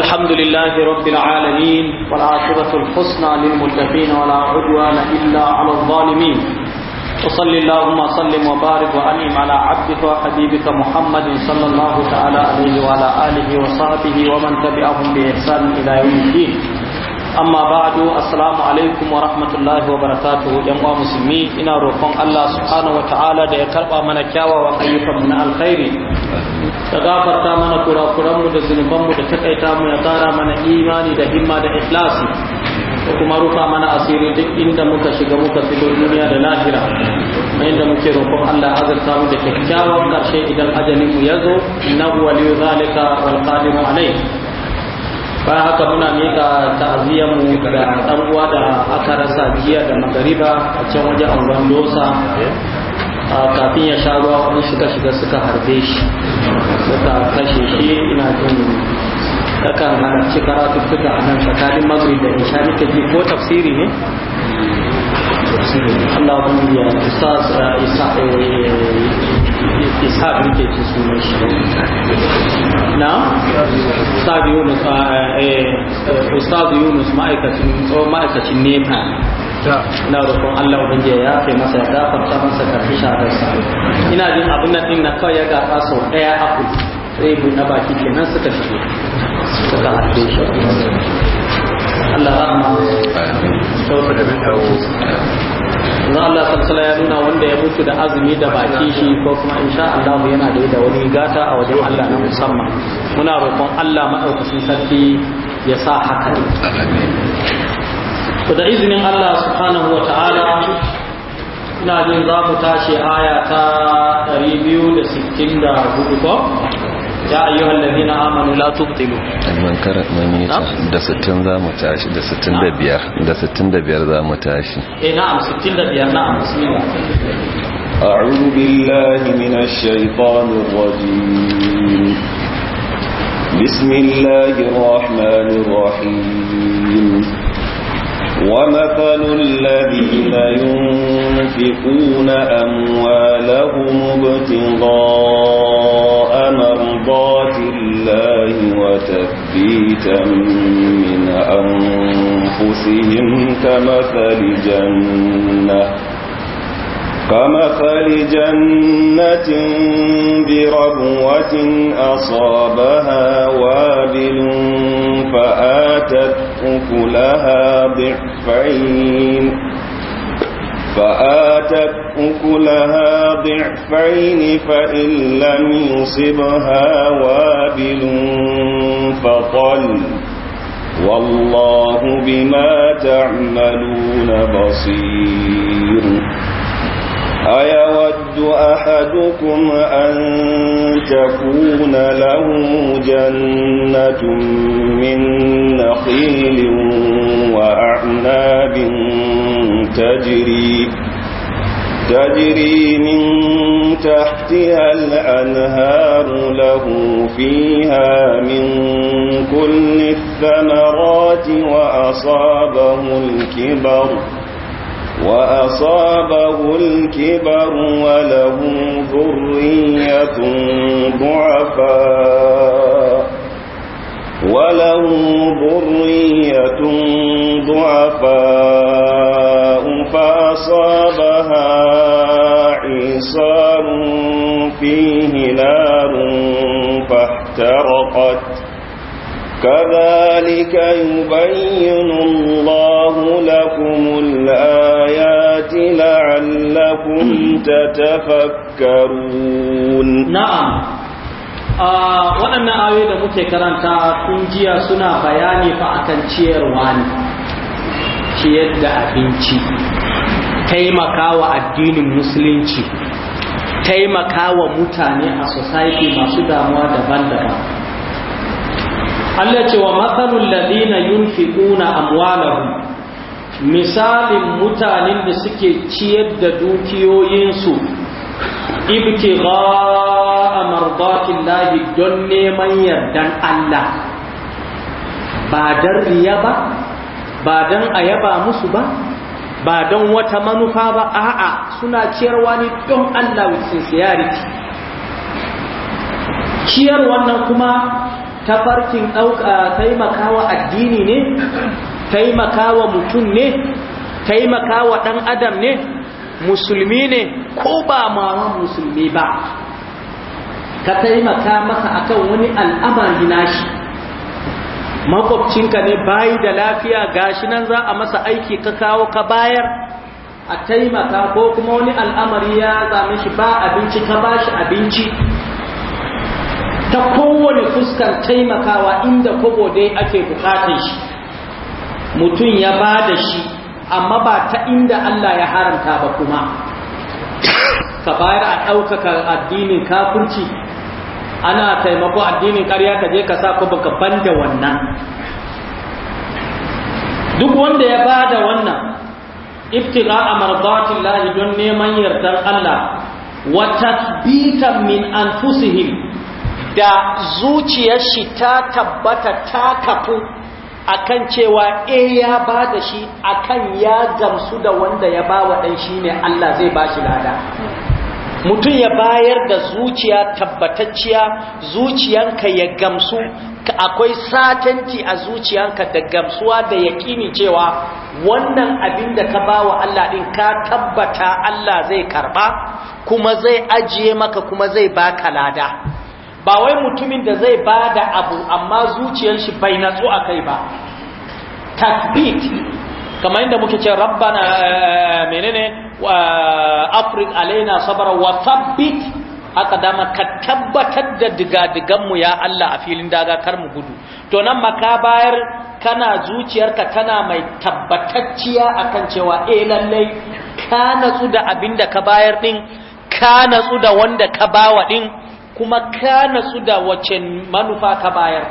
الحمد لله رب العالمين والعاقبة الحسنى للمتقين ولا عدوان إلا على الظالمين وصل اللهم صلِّم وبارك وأنعم على عبدك وحبيبك محمد صلى الله تعالى عليه وعلى آله وصحبه ومن تبعهم بإحسان إلى يوم الدين amma ba'du assalamu alaikum wa rahmatullahi wa barakatuhu yan uwa musulmi ina roƙon Allah subhanahu wataala da ya karba mana kyawawan ayyukan mu na alkhairi da gafarta mana kurakuran mu da zunuban mu da takaita mu ya tsara mana imani da himma da ikhlasi da kuma rufa mana asiri duk inda muka shiga muka fito duniya da lahira mai da muke roƙon Allah azurta mu da kyakkyawan karshe idan ajalin mu ya zo innahu waliyyu zalika wal qadiru alayhi ba haka muna mika ta'aziyyarmu da dan uwa da aka rasa jiya da magariba a can wajen unguwar dosa a kafin ya sha ruwa wani suka shiga suka harbe shi suka kashe shi ina jin takan hana cikara tuttuka a nan shakarun magari da in sha nika ko tafsiri ne Allah wani ya eh, isa eh, eh, isa isa rike shi na ustaz yunus ustaz yunus ma'aikacin oh, ma'aikacin nepa roƙon Allah ubangiji ya kai masa ya gafarta masa karfi shahararsa ina jin abin nan din na kawai ya gafa sau ɗaya aku sai na baki kenan suka shigo suka haɗe shi Allah sauka ya nuna wanda ya mutu da azumi da baki shi ko kuma insha Allah yana da wani gata a wajen Allah na musamman muna roƙon Allah maɗaukacin sarki ya sa haka Ku da izinin Allah subhanahu wa ta'ala ina jin za mu tashi aya ta 264 يا أيها الذين آمنوا لا تبطلوا من كرت مؤمنين da 60 za mu tashi da 65 da 65 za mu tashi نعم na'am 65 na'am bismillah أعوذ بالله من الشيطان الرجيم بسم الله الرحمن الرحيم ومثل الذين ينفقون أموالهم ابتغاء مرضات الله وتثبيتا من أنفسهم كمثل جنة كمثل جنة بربوة أصابها وابل فآتت أكلها ضعفين فآتت أكلها ضعفين فإن لم يصبها وابل فطل والله بما تعملون بصير أيود أحدكم أن تكون له جنة من نخيل وأعناب تجري تجري من تحتها الأنهار له فيها من كل الثمرات وأصابه الكبر وأصابه الكبر وله ذرية ضعفاء وله ذرية ضعفاء فأصابها عصار فيه نار فاحترقت كذلك يبين الله لكم الآيات لعلكم تتفكرون نعم waɗannan ayoyi da muke karanta tun jiya suna bayani fa ciyarwa ne ciyar da abinci taimakawa addinin musulunci taimakawa mutane a society masu damuwa daban-daban Allah ce wa matsalul ladina yunfiquna amwalahum misalin mutanen da suke ciyar da dukiyoyinsu ibtigha'a mardatin lahi don neman yardan Allah ba dan riya ba ba dan ayaba musu ba ba don wata manufa ba a'a suna ciyarwa ne don Allah with sincerity ciyar wannan kuma Ta tafarkin ɗauka taimakawa addini ne taimakawa mutum ne taimakawa ɗan adam ne musulmi ne ko ba ma musulmi ba ka taimaka masa akan wani al'amari nashi makwabcinka ne bayi da lafiya gashi nan za a masa aiki ka kawo ka bayar a taimaka ko kuma wani al'amari ya zame shi ba abinci ka bashi abinci ta kowane fuskar taimakawa inda kobo dai ake bukatar shi mutum ya ba da shi amma ba ta inda Allah ya haramta ba kuma ka bayar a ɗaukaka addinin kafirci ana taimako addinin ƙarya ka je ka sa kobo ka banda wannan duk wanda ya ba da wannan iftira a mardatillahi don neman yardar Allah wa tasbitan min anfusihim da zuciyar shi ta tabbata ta kafu akan cewa e ya ba da shi akan ya gamsu da wanda ya ba wa ɗan shi ne Allah zai ba shi lada mutum ya bayar da zuciya tabbatacciya zuciyanka ya gamsu akwai satanti a zuciyanka da gamsuwa da yaƙini cewa wannan abin da ka ba wa Allah ɗin ka tabbata Allah zai karɓa kuma zai ajiye maka kuma zai baka lada ba wai mutumin da zai ba da abu amma zuciyar shi bai natsu a kai ba takbit kamar yadda muke ce rabbana eh, eh, menene afrik alaina sabara wa tabbit haka dama ka tabbatar da digadiganmu ya Allah a filin daga kar gudu to nan maka bayar kana zuciyarka tana mai tabbatacciya akan cewa eh lallai ka natsu da abinda ka bayar din ka natsu da wanda ka bawa din kuma kana su da wace manufa ka bayar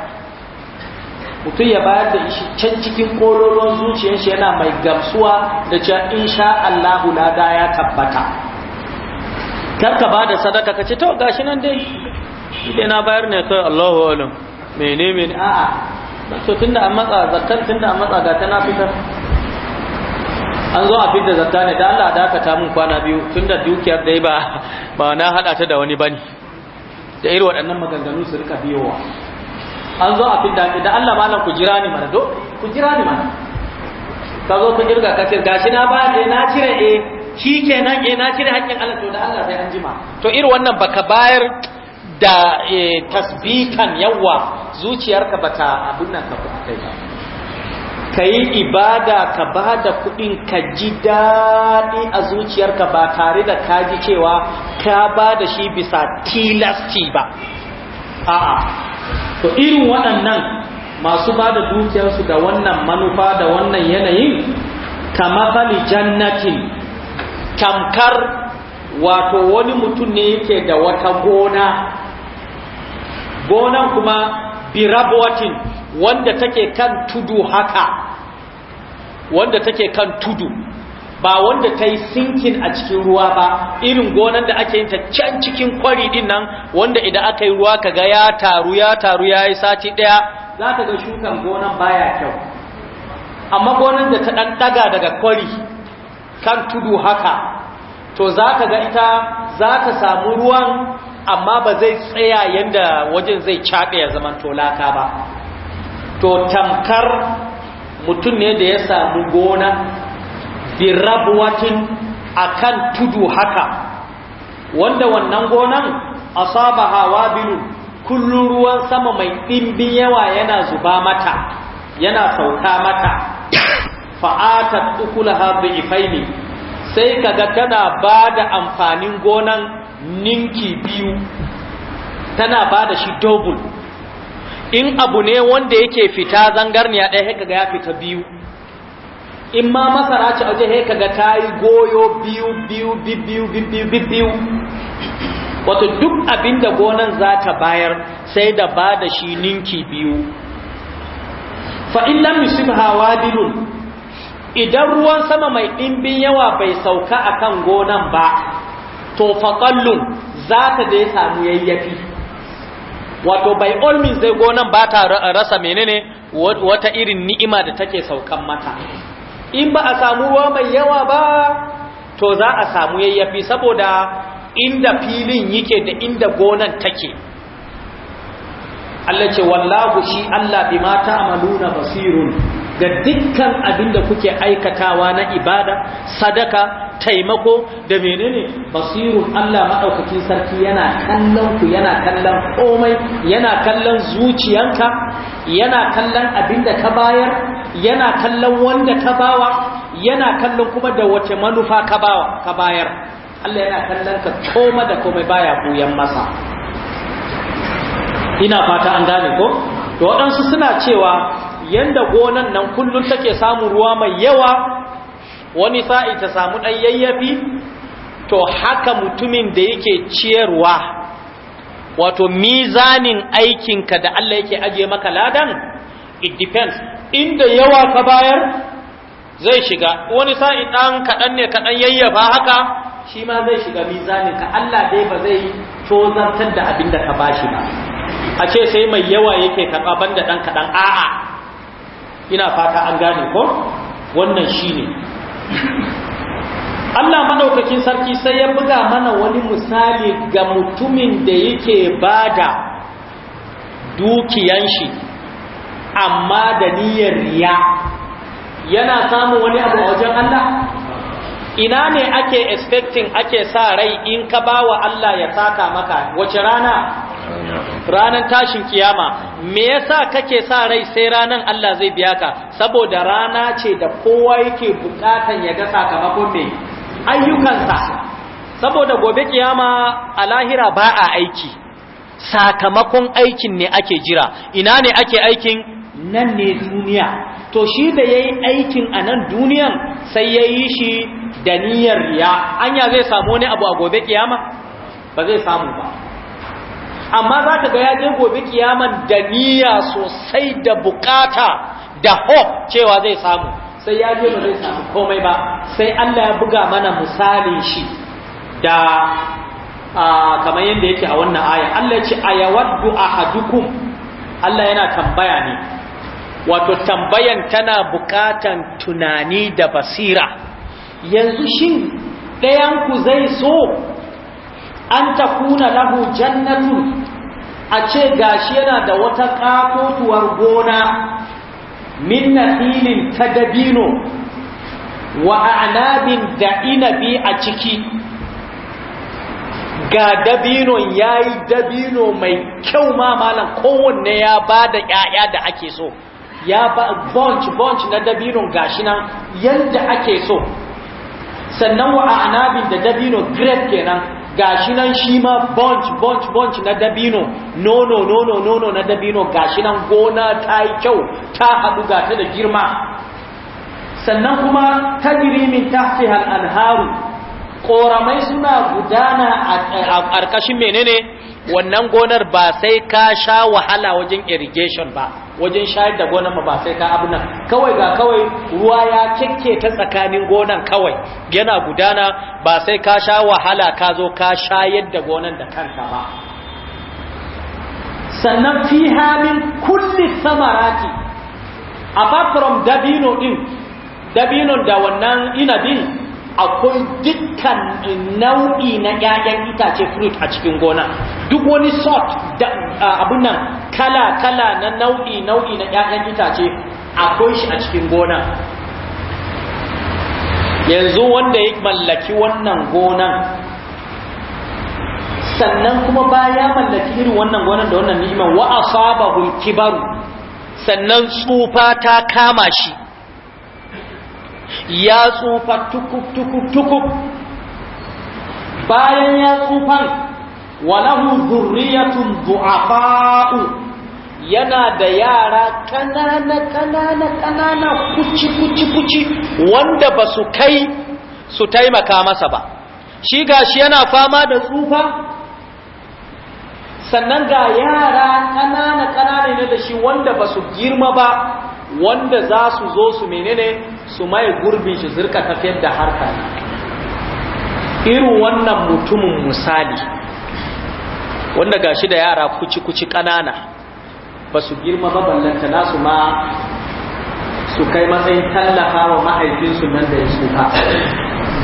mutum ya bayar da shi can cikin kololon zuciyar shi yana mai gamsuwa da cewa insha Allahu na da ya tabbata kar ka bada sadaka kace to gashi nan dai idan na bayar ne kai Allahu alam mene mene a'a to tunda an matsa zakkar tunda an matsa ga tana fitar an zo a fitar zakka ne da Allah dakata mun kwana biyu tunda dukiyar dai ba ba na hada ta da wani bane da irin waɗannan maganganu su rika biyowa an zo a fi da Allah malam ku jira ni mana do ku jira ni mana ka zo ku jirga ka ce gashi na ba ne eh, na cire ke eh, shikenan e eh, na cire haƙƙin Allah to da Allah sai an jima to irin wannan baka bayar da tasbikan yawa zuciyarka bata abin nan ka kai ba ka yi ibada ka ba da kuɗin ka ji daɗi a zuciyarka ba tare da ka ji cewa ka ba da shi bisa tilasti ba a'a to irin waɗannan masu ba da dukiyarsu da wannan manufa da wannan yanayin kama bali jannatin tamkar wato wani mutum ne yake da wata gona gonan kuma birabwatin wanda take kan tudu haka wanda take kan tudu ba wanda ta yi sinkin a cikin ruwa ba irin gonan da ake yin ta can cikin kwari din nan wanda idan aka yi ruwa kaga ya taru ya taru ya yi sati ɗaya za ka ga shukan gonan baya kyau amma gonan da ta ɗan ɗaga daga kwari kan tudu haka to za ka ga ita za ka samu ruwan amma ba zai tsaya yadda wajen zai caɓe ya zaman tolaka ba to tamkar mutum ne da ya samu gona a kan tudu haka wanda wannan gonan a saba hawa biyu kullum ruwan sama mai ɗimbin yawa yana zuba mata yana sauka mata uku haɗu ifaini sai kaga tana ba da amfanin gonan ninki biyu tana ba da shi double in abu ne wanda yake fita zangarniya ɗaya haka ga ya fita biyu in ma masara ce waje haka ga ta yi goyo biyu biyu biyu biyu biyu biyu wato duk abin da gonan za ta bayar sai da ba da shi ninki biyu fa'in musim hawa wadilun idan ruwan sama mai ɗimbin yawa bai sauka akan gonan ba to faƙallun za ta dai samu yayyafi wato by all means dai gonan ba ta rasa menene wata irin ni'ima da take saukan mata in ba a samu ruwa mai yawa ba to za a samu yayyafi saboda inda filin yake da inda gonan take Allah ce wallahu shi Allah bi mata amaluna basirun ga dukkan abinda kuke aikatawa na ibada sadaka taimako da menene basirun Allah maɗaukakin sarki yana kallon ku yana kallon komai yana kallon zuciyanka yana kallon abinda ka bayar yana kallon wanda ka bawa yana kallon kuma da wace manufa ka bawa ka bayar Allah yana kallon ka koma da komai baya buyan masa ina fata an gane ko to waɗansu suna cewa yanda gonan nan kullun take samun ruwa mai yawa wani sa'i ta samu ɗan yayyafi to haka mutumin da yake ciyarwa wato mizanin aikinka da Allah yake ajiye maka ladan it depends inda yawa ka bayar zai shiga wani sa'i ɗan kaɗan ne kaɗan yayyafa haka shi ma zai shiga mizanin ka Allah dai ba zai tozartar da abin da ka bashi ba a ce sai mai yawa yake karɓa banda ɗan kaɗan a'a ina fata an gane ko wannan shine Allah madaukakin sarki sai ya buga mana wani misali ga mutumin da yake bada dukiyan shi amma da niyyar riya yana samun wani abu wajen Allah ina ne ake expecting ake sa rai in ka bawa Allah ya saka maka wace rana ranan tashin kiyama me yasa kake sa rai sai ranan Allah zai biya ka saboda rana ce da kowa yake bukatan ya ga sakamakon me ayyukansa saboda gobe kiyama a lahira ba a aiki sakamakon aikin ne ake jira ina ne ake aikin nan ne duniya to shi da ya yi aikin a nan duniyan sai ya yi shi da niyyar ya anya zai samu wani abu a gobe kiyama ba zai samu ba amma za ka ga ya je gobe kiyaman da niyya sosai da bukata da hope cewa zai samu sai ya je ba zai samu komai ba sai Allah ya buga mana misalin shi da kamar yadda yake a wannan aya Allah ya ce ayawaddu ahadukum Allah yana tambaya ne wato tambayan tana bukatan tunani da basira yanzu shin ɗayanku zai so an ta kuna lahu jannatun a ce gashi yana da wata ƙafotuwar gona min filin ta dabino wa a'nabin da inabi a ciki ga dabinon yi dabino mai kyau ma kowanne ya ba da 'ya'ya da ake so ya ba bunch bunch na dabinon gashi nan yanda ake so sannan wa a'nabin da dabino grape kenan gashi nan shi ma bunch bunch bunch na dabino nono nono nono na dabino gashi nan gona ta yi kyau ta haɗu ga ta da girma sannan kuma ta min tahtiha al-anharu koramai suna gudana a ƙarƙashin menene wannan gonar ba sai ka sha wahala wajen irrigation ba wajen shayar da gonar ba sai ka abu nan kawai ga kawai ruwa ya kekke ta tsakanin gonar kawai yana gudana ba sai ka sha wahala ka zo ka shayar da gonar da kanka ba sannan fi hamin kulli samarati apart from dabino din dabinon da wannan inabin akwai dukkan nau'i na 'ya'yan itace fruit a cikin gona duk wani sort da abun nan kala kala na nau'i nau'i na 'ya'yan itace akwai shi a cikin gona yanzu wanda ya mallaki wannan gonan sannan kuma ba ya mallaki irin wannan gona da wannan ni'imar wa asabahu kibaru sannan tsufa ta kama shi ya tsufa tukub tukub tukub bayan ya tsufan walahu zurriyatun du'afa'u yana da yara kanana kanana kanana kuci kuci kuci wanda ba su kai su taimaka masa ba shi gashi yana fama da tsufa sannan ga yara kanana kanana ne da shi wanda ba su girma ba wanda za su zo su menene su mai gurbin shi zirka tafiyar da harka irin wannan mutumin misali wanda gashi da yara kuci-kuci ƙanana ba su girma maballanta nasu ma su kai matsayin tallafa wa mahaifinsu nan da ya suka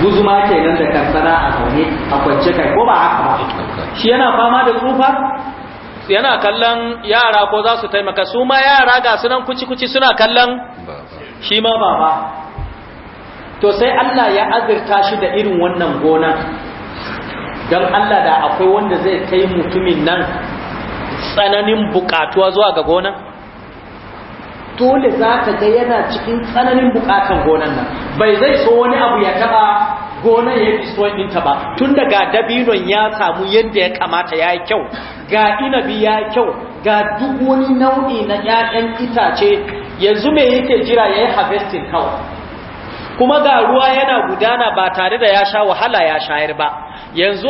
guzuma ke nan da kansana a zaune a kwance kai ko ba haka ba shi yana fama da tsufa yana kallon yara ko za su taimaka su ma yara ga sunan kuci-kuci suna kallon shi ma baba to sai Allah ya azurta shi da irin wannan gona don Allah da akwai wanda zai kai mutumin nan tsananin bukatuwa zuwa ga gonan dole za ka ga yana cikin tsananin bukatan gonan nan bai zai so wani abu ya taba gonan ya fi so ɗinta ba tun daga dabinon ya samu yadda ya kamata ya yi kyau ga inabi ya yi kyau ga duk wani nau'i na 'ya'yan itace yanzu me yake jira ya yi harvesting kawai kuma ga ruwa yana gudana ba tare da ya sha wahala ya shayar ba yanzu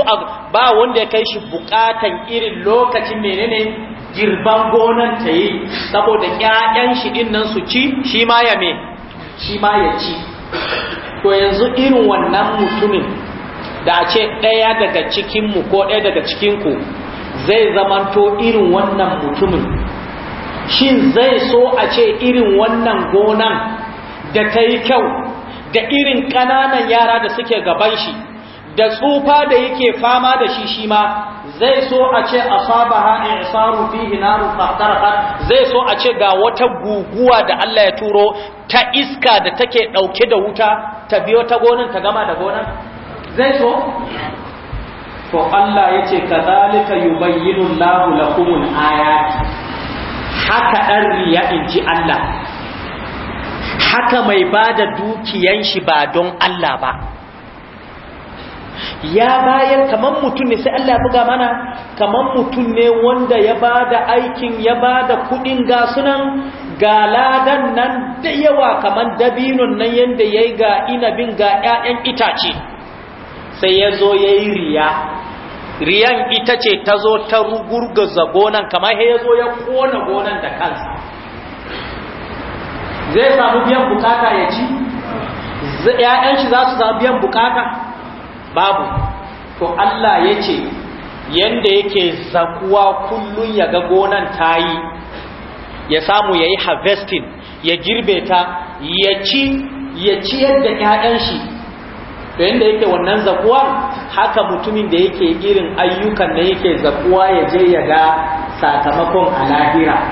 ba wanda ya kai shi bukatan irin lokacin menene girban gonan ta yi saboda ƴaƴan shi din su ci shi ma ya me shi ma ya ci to yanzu irin wannan mutumin da a ce ɗaya daga cikinmu ko ɗaya daga cikinku zai zamanto irin wannan mutumin shin zai so a ce irin wannan gonan da ta yi kyau da irin ƙananan yara da suke gaban shi da tsufa da yake fama da shi shi ma zai so a ce a saba ha'in isaru fi hinarun zai so a ce ga wata guguwa da Allah ya turo ta iska da take ɗauke da wuta ta biyo ta gonan ta gama da gonan zai so? to Allah ya ce ka zalika yubayyinu lahu lakumul ayati ɗan riya in ji Allah haka mai bada dukiyan shi ba don Allah ba ya bayar kaman mutum ne sai Allah ya buga mana Kaman mutum ne wanda ya ba da aikin ya ba da kuɗin gasunan ga ladan nan da yawa kamar dabinon nan yadda ya yi ga inabin ga 'ya'yan itace sai ya zo ya yi riya riyan ita ce ta zo ta rugurgaza gonan kamar ya zo ya kona gonan da kansa zai samu biyan bukata ya ci ‘ya'yan shi za su samu biyan bukata babu to Allah ya ce yadda yake zakuwa kullum ya ga gonan ta yi ya samu ya yi harvesting ya girbe ta ya ci ya ciyar ‘ya'yan shi to yanda yake wannan zakuwan haka mutumin da yake irin ayyukan da yake zakuwa ya je ya ga sakamakon a lahira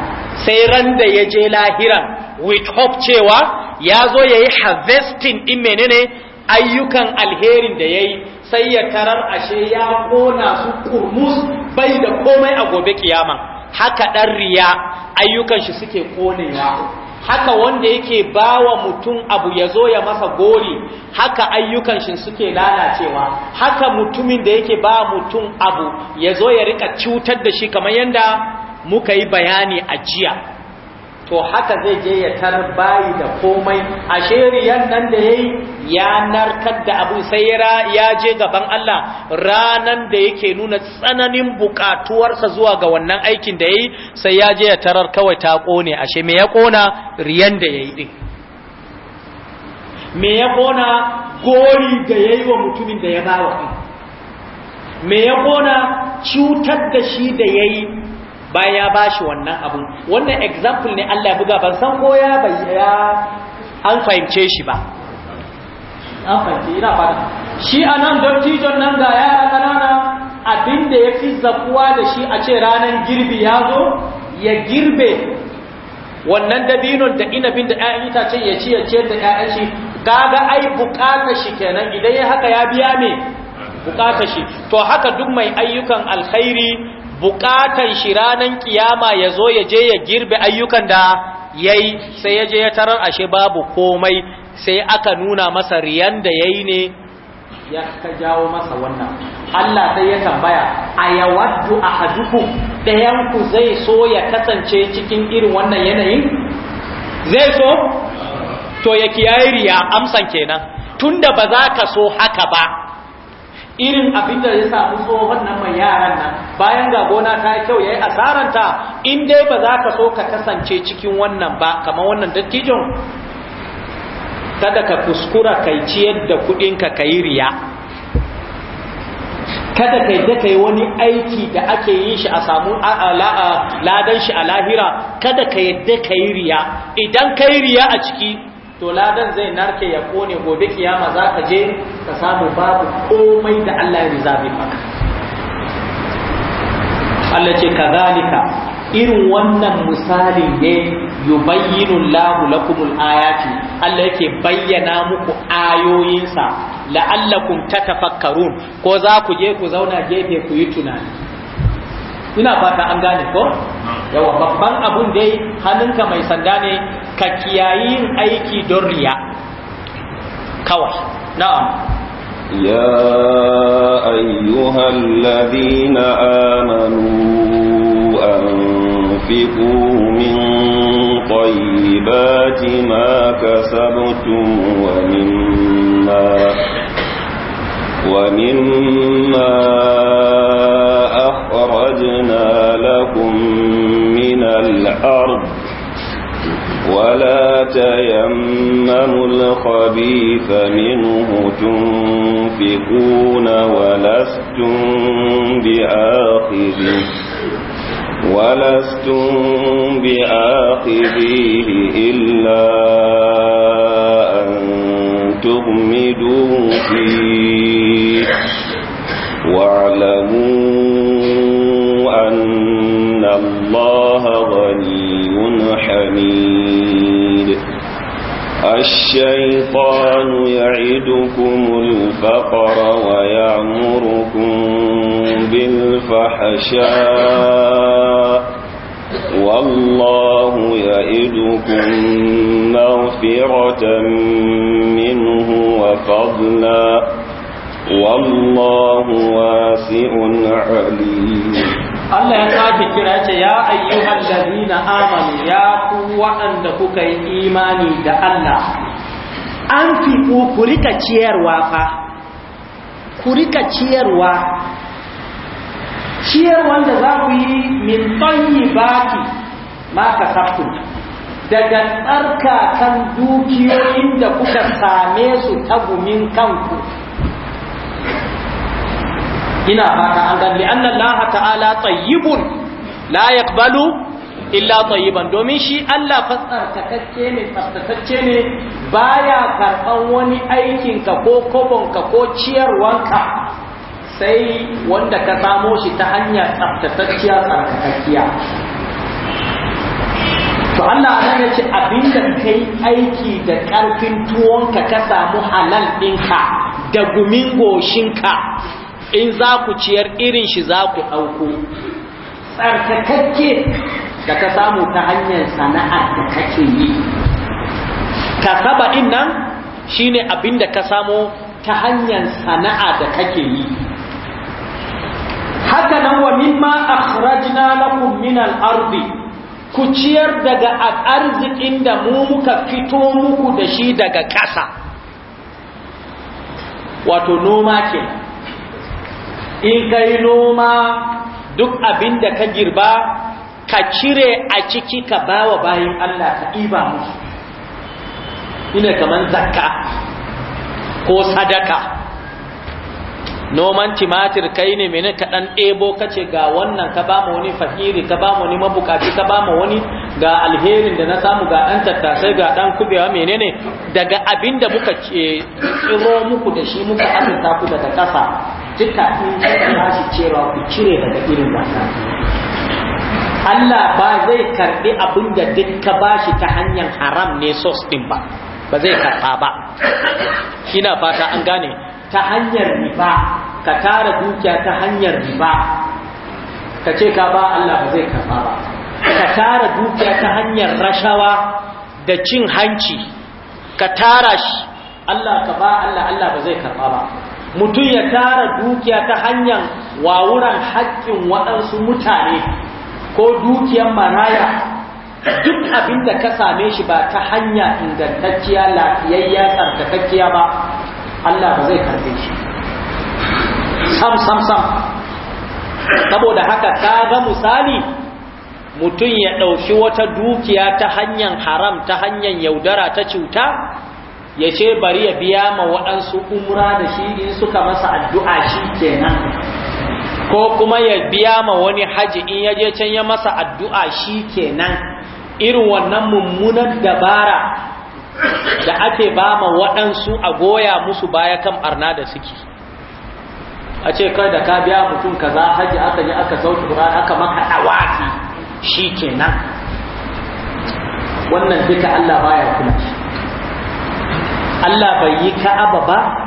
sai ran da ya je lahiran with hope cewa ya zo ya yi harvesting ɗin menene ayyukan alherin da ya yi sai ya tarar ashe ya kona su kurmus bai da komai a gobe kiyama haka ɗan riya ayyukan shi suke konewa haka wanda yake bawa mutum abu ya zo ya masa gori haka ayyukan shi suke lalacewa haka mutumin da yake ba mutum abu ya zo ya rika cutar da shi kamar yadda muka yi bayani a jiya to haka zai je ya tar bayi da komai a riyan nan da yayi ya narkar da abu sai ya je gaban Allah ranan da yake nuna tsananin bukatuwarsa zuwa ga wannan aikin da yayi sai ya je ya tarar kawai ta kone ashe me ya kona riyan da yayi din me ya kona gori da yayi wa mutumin da ya bawa me ya kona cutar da shi da yayi bayan ya bashi wannan abun wannan example ne Allah ya buga ban san ko ya bayyana an fahimce shi ba an fahimce ina ba shi anan tijon nan ga yara kanana abin da ya fi zakuwa da shi a ce ranar girbi ya zo ya girbe wannan dabinon da inabin da 'ya'yan itacen ya ci ya ce da 'ya'yan shi gaga ai bukata shi kenan idan ya haka ya biya me bukata shi to haka duk mai ayyukan alkhairi bukatan shi ranan kiyama ya zo ya je ya girbe ayyukan da ya yi sai ya je ya tarar ashe babu komai sai aka nuna masa riyan da ya yi ne ya ka jawo masa wannan Allah sai ya tambaya a yawaddu a hajjuku ɗayanku zai so ya kasance cikin irin wannan yanayin zai so to ya kiyaye riya amsan kenan tunda ba za ka so haka ba irin abin da ya samu tsohon nan mai yaran nan bayan ga gona ta yi kyau ya yi asaranta in dai ba za ka so ka kasance cikin wannan ba kamar wannan dattijon kada ka kuskura yi ciyar da kudinka ka yi riya kada ka da ka yi wani aiki da ake yin shi a samu ladan shi a lahira kada ka da ka yi riya idan ka yi riya a ciki to ladan zai narke ya kone gobe kiyama za ka je ka samu babu komai da Allah ya rizabi maka Allah ce kazalika irin wannan misali ne yubayyinu Allahu lakumul ayati Allah yake bayyana muku ayoyinsa la'allakum tatafakkarun ko za ku je ku zauna gefe ku yi tunani ina fata an gane ko yawa babban abun dai hannunka mai sanda ne ka kiyayi aiki don riya kawai na'am يا أيها الذين آمنوا أنفقوا من طيبات ما كسبتم ومما ومما ولا تيمموا الخبيث منه تنفقون ولستم بآخذه ولستم بآخذيه إلا أن تغمدوا فيه واعلموا أن الله غني حميد الشيطان يعدكم الفقر ويعمركم بالفحشاء والله يعدكم مغفرة منه وفضلا والله واسع عليم الله يا يا أيها الذين آمنوا يا waɗanda kuka yi imani da Allah an fi ku rika ciyarwa fa ku rika ciyarwa ciyarwan da za ku yi min tsanyi baki ma ka daga tsarka kan dukiyoyin da kuka same su tagumin kanku ina fata an gan li'anna laha ta'ala tayyibun la yaqbalu illa tayyiban domin shi Allah fasartakacce ne tsaftatacce ne baya karɓan wani aikin ka ko kobon ka ko ciyarwanka sai wanda ka samo shi ta hanya tsaftatacciya tsarkakakkiya to Allah ya ce abinda kai aiki da ƙarfin tuwon ka samu halal ɗinka da gumin ka in za ku ciyar irin shi za ku ɗauko tsarkakakke da ka samu ta hanyar sana'a da kake yi Ka saba din nan shine abin da ka samu ta hanyar sana'a da kake yi haka nan wa mimma akhrajna lakum min al-ardi ku ciyar daga arzikin da mu muka fito muku da shi daga ƙasa wato noma ke in kai noma duk abin da ka girba ka cire a ciki ka bawa bayan Allah ka ɗiba musu ina kaman zakka ko sadaka noman timatir kai ne mene ka ɗan ɗebo ka ce ga wannan ka ba wani fakiri ka ba wani mabukaci ka ba wani ga alherin da na samu ga ɗan tattasai ga ɗan kubewa menene daga abin da muka tsiro muku da shi muka amurta ku daga ƙasa duka in ka shi cewa ku cire daga irin wasa. Allah ba zai karbi abin da duk ka bashi ta hanyar haram ne sos din ba ba zai karba ba Kina fata an gane ta hanyar riba ka tara dukiya ta hanyar riba ka ce ka ba Allah ba zai karba ba ka tara dukiya ta hanyar rashawa da cin hanci ka tara shi Allah ka ba Allah Allah ba zai karba ba mutum ya tara dukiya ta hanyar wawuran haƙƙin waɗansu mutane ko dukiyar maraya duk abin da ka same shi ba ta hanya ingantacciya lafiyayya tsarkakakkiya ba Allah ba zai karfe shi sam sam sam saboda haka ka ga misali mutum ya ɗauki wata dukiya ta hanyar haram ta hanyar yaudara ta cuta ya ce bari ya biya ma waɗansu umra da shi in suka masa addu'a shi kenan ko kuma ya biya ma wani haji in ya je can ya masa addu'a shi kenan irin wannan mummunan dabara da ake ba ma waɗansu a goya musu baya kan arna da suke a ce kai da ka biya mutum ka za haji aka yi aka sauki aka maka ɗawaki shi kenan wannan duka Allah baya kuma Allah bai yi ka'aba ba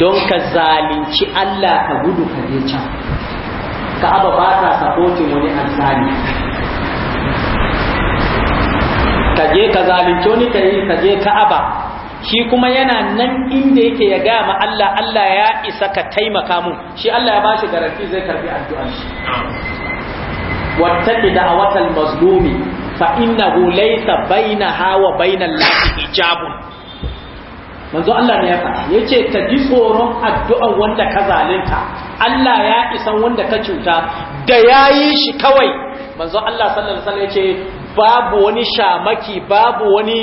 don ka zalunci Allah ka gudu ka je can ka'aba ba ta sapotin wani alzali. ka je ka zalunci wani ka yi ka je ka'aba shi kuma yana nan inda yake ya gaya ma Allah Allah ya isa ka taimaka mun shi Allah ya bashi garanti zai karbi addu'ar shi wattaqi da'awatal mazlumi fa innahu laysa bainaha wa bainal lahi hijabun manzo Allah ne ya faɗa yace ta ji tsoron addu'an wanda ka zalunta Allah ya isan wanda ka cuta da yayi shi kawai manzo Allah sallallahu alaihi wasallam yace babu wani shamaki babu wani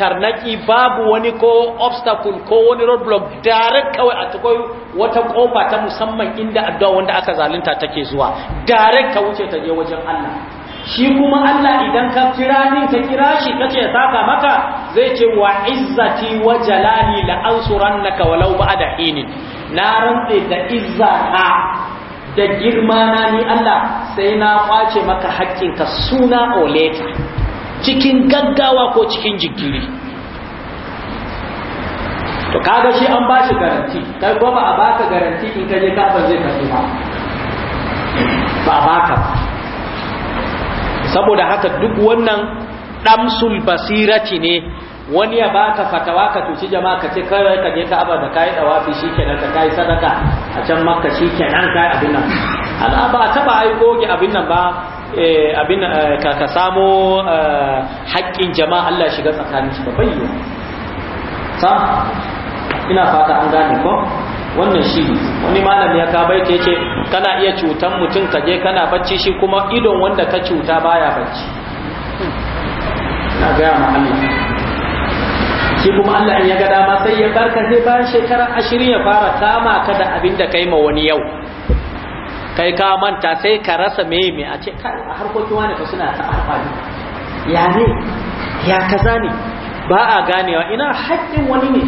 tarnaki babu wani ko obstacle ko wani roadblock direct kawai a tukoi wata kofa ta musamman inda addu'a wanda aka zalunta take zuwa direct ka wuce ta je wajen Allah shi kuma Allah idan ka kira din ka kira shi kace saka maka zai ce wa izzati wa jalali la ansurannaka walau ba'da hinin na rantse da izzata da girma na ni Allah sai na kwace maka ka suna oleta cikin gaggawa ko cikin jikiri to kaga shi an bashi garanti kai ko ba a baka garanti in ka je kafin zai kasu ba ba baka saboda haka duk wannan damsul basirati ne wani ya baka fatawa ka tuci jama'a ka ce kawai ka je ka'aba da kai dawafi shikenan ka kai sadaka a can makka shikenan kai abin nan ala ba ba ai goge abin nan ba eh, abin eh, ka ka samu eh, haƙƙin jama'a Allah shiga tsakanin shi ba bayyo sa ina fata an gane ko wannan shi wani malam ya ka baita yace kana iya cutan mutum ka je kana bacci shi kuma idon wanda ka cuta baya bacci na gaya ma Allah shi kuma Allah in ya ga dama sai ya barka sai bayan shekara ashirin ya fara kama ka da abin da kai ma wani yau kai ka manta sai ka rasa me me a ce kai a harkokin wani ka suna ta ya ne ya kaza ne ba a ganewa ina haƙƙin wani ne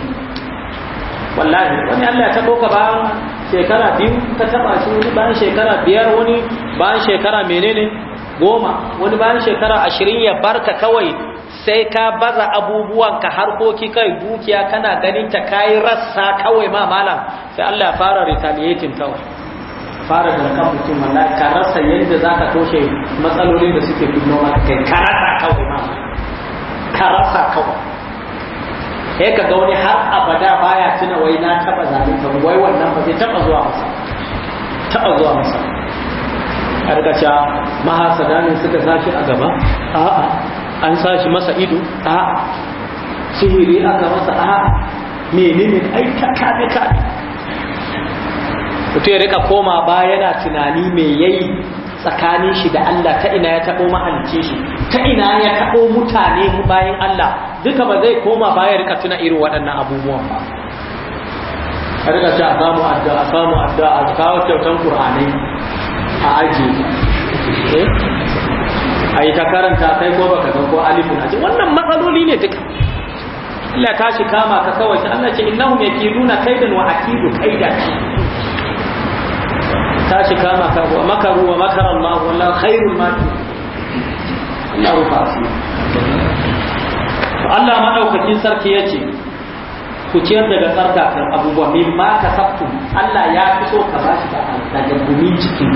wallahi wani Allah ya taɓo ka bayan shekara biyu ka taɓa shi wani bayan shekara biyar wani bayan shekara menene goma wani bayan shekara ashirin ya barka kawai sai ka baza abubuwan ka harkoki kai dukiya kana ganin ta kayi rassa kawai ma malam sai Allah ya fara retaliating kawai fara da kan mutum wallahi ka rasa yadda za ka toshe matsalolin da suke bin noma kai ka rasa kawai ma ka rasa kawai sai ka ga wani har abada baya tuna wai na taba zaɓen ka wai wannan ba zai taba zuwa masa taba zuwa masa a rika cewa mahasada ne suka sashi a gaba a'a an sashi masa ido a'a sihiri aka masa a'a menene ai ta kame ka mutum ya rika koma ba yana tunani me yayi tsakanin shi da Allah ta ina ya taɓo mahalicce shi ta ina ya taɓo mutane mu bayan Allah duka ba zai koma baya rika tuna irin waɗannan abubuwan ba a rika ce a samu addu'a a samu addu'a a kawo kyautan qur'anai a aji eh? a yi ta karanta kai ko baka san ko alifin aji wannan matsaloli ne duka Allah shi kama ka kawai Allah ce innahum nuna kaidan wa akidu kaidan tashi kama ka wa makaru wa makara Allah wallahu khairul maki Allah rufa asiri Allah madaukakin sarki yace ku ciyar daga tsarkakar abubuwa min ma ka sabtu Allah ya fi so ka bashi da gumi cikin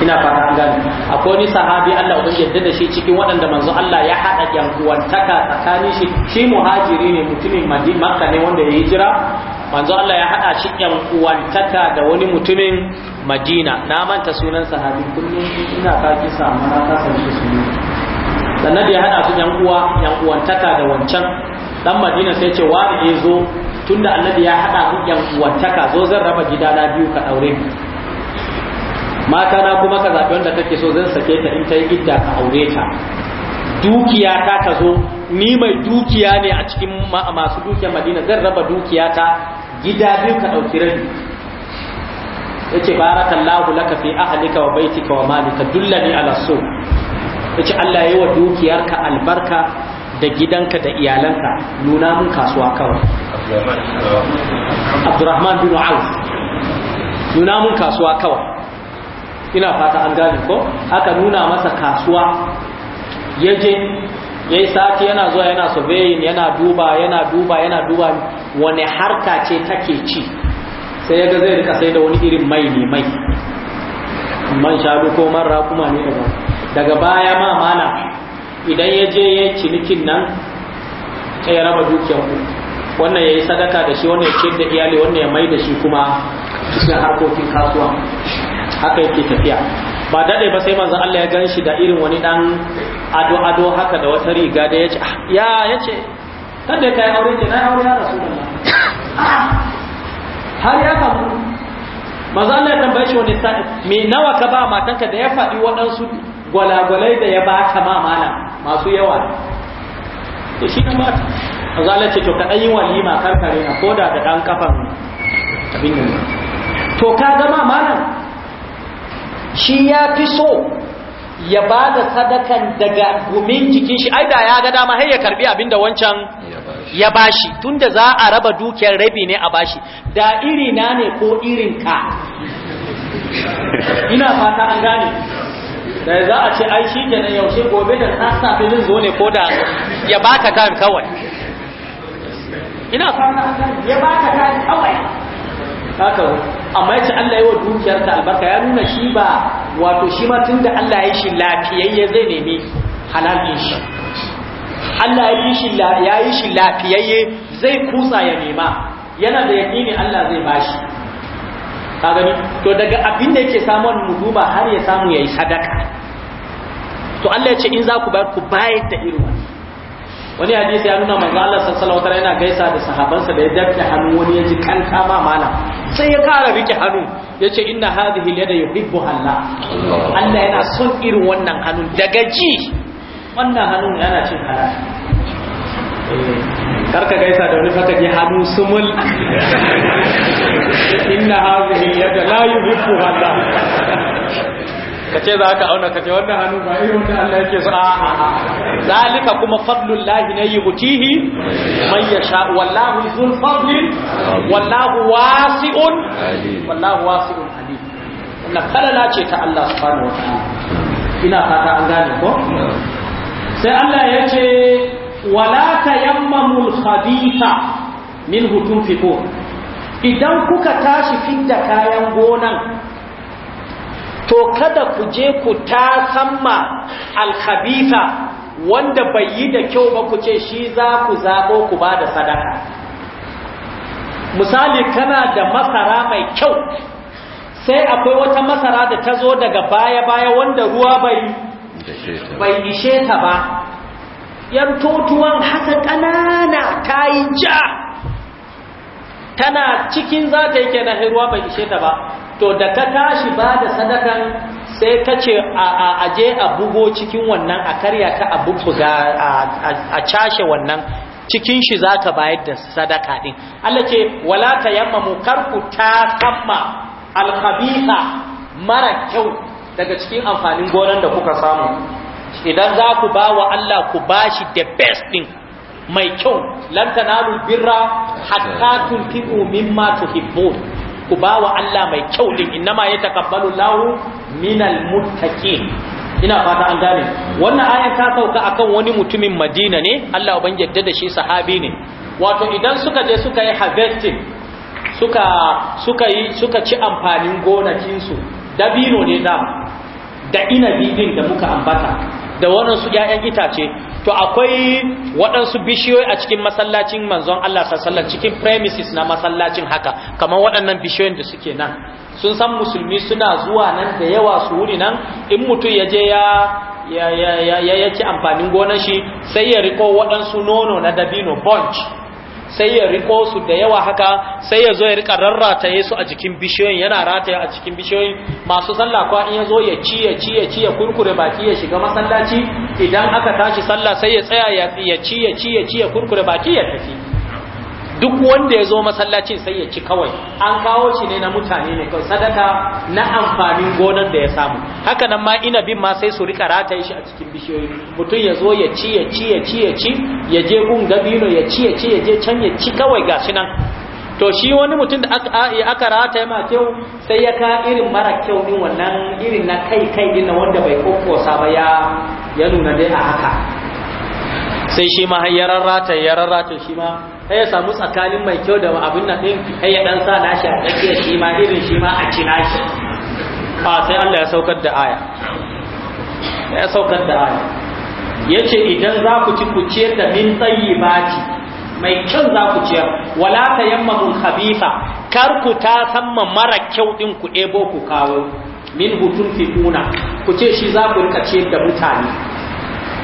ina fata an gane akwai wani sahabi Allah ubangi yadda da shi cikin waɗanda manzo Allah ya haɗa yankuwantaka tsakanin shi shi muhajiri ne mutumin Madina Makka ne wanda ya hijira manzo Allah ya hada shi yan uwantaka da wani mutumin Madina na manta sunan sahabi kullum ina ka kisa amma san shi sunan sannan da ya hada su yan uwa yan uwantaka da wancan dan Madina sai ce wa ne zo tunda annabi ya hada su yan uwantaka zo zan raba gida na biyu ka aure mata na kuma ka zabi wanda kake so zan sake ta in ta yi idda ka aure ta dukiya ta ta zo ni mai dukiya ne a cikin masu dukiya madina zan raba dukiya ta gida biyu ka ɗauki rabi yake barakallahu laka fi ahlika wa baitika wa malika dullani ala su yake Allah yayi wa dukiyarka albarka da gidanka da iyalanka nuna mun kasuwa kawai Abdurrahman bin Auf nuna mun kasuwa kawai ina fata an gane ko aka nuna masa kasuwa ya je ya yi sati yana zuwa yana surveying yana duba yana duba yana duba wani harka ce take ci sai yaga zai rika sai da wani irin mai ne mai man shaɗu ko man rakuma ne daga daga baya ma mana idan ya je ya cinikin nan ta ya raba dukiyar ku wannan ya yi sadaka da shi wannan ya ce da iyali wannan ya mai da shi kuma cikin harkokin kasuwa haka yake tafiya ba daɗe ba sai manzan Allah ya ganshi da irin wani ɗan ado-ado haka da wata riga da ya ce ah, ya ya ce kan ka yi aure ce na aure ya rasu har ya samu manzan Allah ya tambaye shi wani sa'i me nawa ka ba matanka da ya faɗi waɗansu gwalagwalai da ya ba ka ma mana masu yawa da shi kuma azala ce to ka ɗan yi walima karkare na koda da ɗan kafan abin nan to ka gama malam shi ya fi so ya ba da sadakan daga gumin jikin shi ai da ya ga dama har ya karbi abin da wancan ya bashi tunda za a raba dukiyar rabi ne a bashi da iri na ne ko irin ka ina fata an gane da za a ce ai shi kenan yaushe gobe da sa zan zo ne ko da ya baka kan kawai ina fata an gane ya baka kan kawai haka amma yace Allah wa dukiyar ta albarka ya nuna shi ba wato shi ma tunda Allah ya shi lafiyayye zai nemi halal din shi Allah ya yi shi ya yi shi lafiyayye zai kusa ya nema yana da yakini Allah zai bashi ka gani to daga abin da yake mu duba har ya samu yayi sadaka to Allah ya ce in za ku bayar ku bayar da irin wannan wani hadisi ya nuna manzo Allah sallallahu alaihi yana gaisa da sahabansa da ya dafe hannu wani ya ji kanka ma malam sai ya fara rike hannu ya ce inna hadhihi al-yada yuhibbu Allah Allah yana son irin wannan hannun daga ji wannan hannun yana cin halal eh, karka gaisa da wani faka ji hannu sumul inna hadhihi al-yada la yuhibbu Allah ka ce za ka auna ka ce wannan hannu ba irin wanda Allah yake so a'a zalika kuma fadlul lahi ne yutihi man yasha wallahu zul fadli wallahu wasi'un wallahu wasi'un alim wannan kalala ce ta Allah subhanahu wa ta'ala ina fata an gane ko sai Allah ya ce wala tayammamul khabitha minhu tunfiqun idan kuka tashi fidda kayan gonan to kada ku je ku ta samma alkhabitha wanda bai yi da kyau ba ku ce shi za ku zaɓo ku ba da sadaka misali kana da masara mai kyau sai akwai wata masara da ta zo daga baya-baya wanda ruwa bai bai ishe ta ba yan totuwan haka ƙanana ta yi ja tana cikin za ta yi kenan ruwa bai ishe ta ba to da ka tashi ba da sadakan sai ka ce a je a bugo cikin wannan a karya ta a bubbuga a cashe wannan cikin shi za ka bayar da sadaka ɗin Allah ce wala ta yamma mu karku ta kamma alkhabisa mara kyau daga cikin amfanin gonan da kuka samu idan za ku ba wa Allah ku ba shi the best ɗin mai kyau Lantana birra hatta tunfiqu mimma tuhibbun ku ba wa Allah mai kyau din ya taqabbalu lahu minal muttaqin ina fata an gane wannan ayan ta sauka akan wani mutumin Madina ne Allah ban yadda da shi sahabi ne wato idan suka je suka yi harvesting suka suka yi suka ci amfanin gonakin su dabino ne da da inabi din da muka ambata da wannan su ƴaƴan itace to akwai waɗansu bishiyoyi a cikin masallacin manzon Allah sallallahu cikin premises na masallacin haka kamar waɗannan bishiyoyin da suke nan sun san musulmi suna zuwa nan da yawa su wuri nan in mutum ya je ya ya ya ya amfanin gonar shi sai ya riko waɗansu nono na dabino bunch sai ya riko su da yawa haka sai ya zo ya rika rarrataye su a jikin bishiyoyin yana rataye a cikin bishiyoyin masu sallah kwa in ya zo ya ci ya ci ya ci ya kurkure baki ya shiga masallaci idan aka tashi sallah sai ya tsaya ya ci ya ci ya ci ya kurkure baki ya tafi duk wanda ya zo masallacin sai ya ci kawai an kawo shi ne na mutane ne kawai sadaka na amfanin gonar da ya samu haka nan ma bin ma sai su rika rataye shi a cikin bishiyoyi mutum ya zo ya ci ya ci ya ci ya ci ya je gun gabino ya ci ya ci ya je can ya ci kawai gashi nan to shi wani mutum da aka rataye ma kyau sai ya ka irin mara kyau din wannan irin na kai kai din na wanda bai kokosa ba ya ya nuna dai a haka sai shi ma ya rarrata ya rarrata shi ma sai ya samu tsakanin mai kyau da abin nan din sai ya dan sa shi a tsakiyar shi ma irin shi ma a cina shi? a sai Allah ya saukar da aya ya saukar da aya yace idan za ku ci ku ciyar da min tayyibati mai kyau za ku ciyar wala tayammamul khabitha kar ku ta samma mara kyau din ku ɗebo ku kawo min hutun kuna ku ce shi za ku rika ciyar da mutane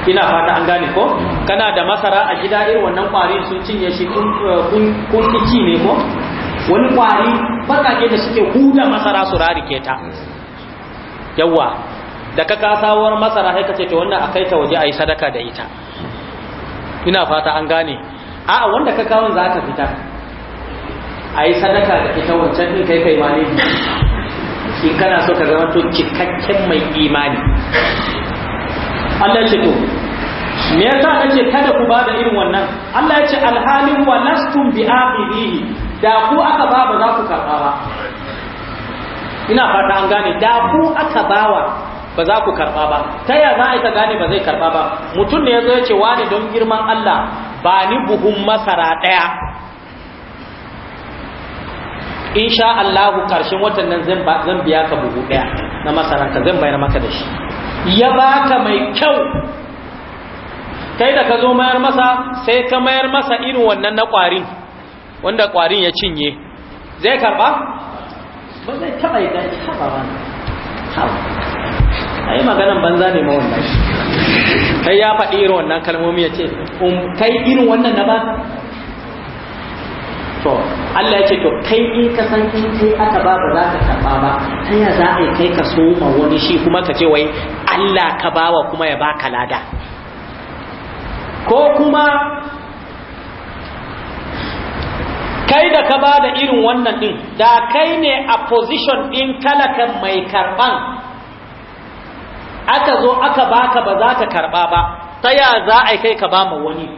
ina fata an gane ko kana da masara a gida irin wannan kwari sun cinye shi kun ci ne ko wani kwari ke da suke huda masara su rarike ta yawa da ka kasawar masara sai ka ce to wannan akai ta waje ayi sadaka da ita ina fata an gane a'a wanda ka kawo zaka fita ayi sadaka da ita wancan din kai kai ma ne in kana so ka zama to cikakken mai imani Allah ya ce to me yasa nace kada ku ba da irin wannan Allah ya ce alhalin wa lastum bi aqibihi da ku aka ba ba za ku karba ba ina fata an gane da ku aka bawa ba za ku karba ba ta ya za ita gane ba zai karba ba mutum ne ya zo ya ce wani don girman Allah ba ni buhun masara ɗaya in sha Allahu karshen watan nan zan biya ka buhu ɗaya na masaranka zan bayar maka da shi ya baka mai kyau kai da ka zo mayar masa sai ka mayar masa irin wannan na ƙwarin wanda ƙwarin ya cinye zai karba? ba zai taɓa yi ɗan taɓa wani a yi maganan banza ne ma wannan kai ya faɗi irin wannan kalmomi ya ce um, kai irin wannan na ba to Allah ya ce to kai in ka san in kai aka ba ba za ka karba ba ta ya za a kai ka so ma wani shi kuma ka ce wai Allah ka bawa kuma ya baka lada ko kuma kai da ka ba da irin wannan din da kai ne a position din talakan mai karban aka zo aka baka ba za ka karba ba ta ya za a kai ka ba ma wani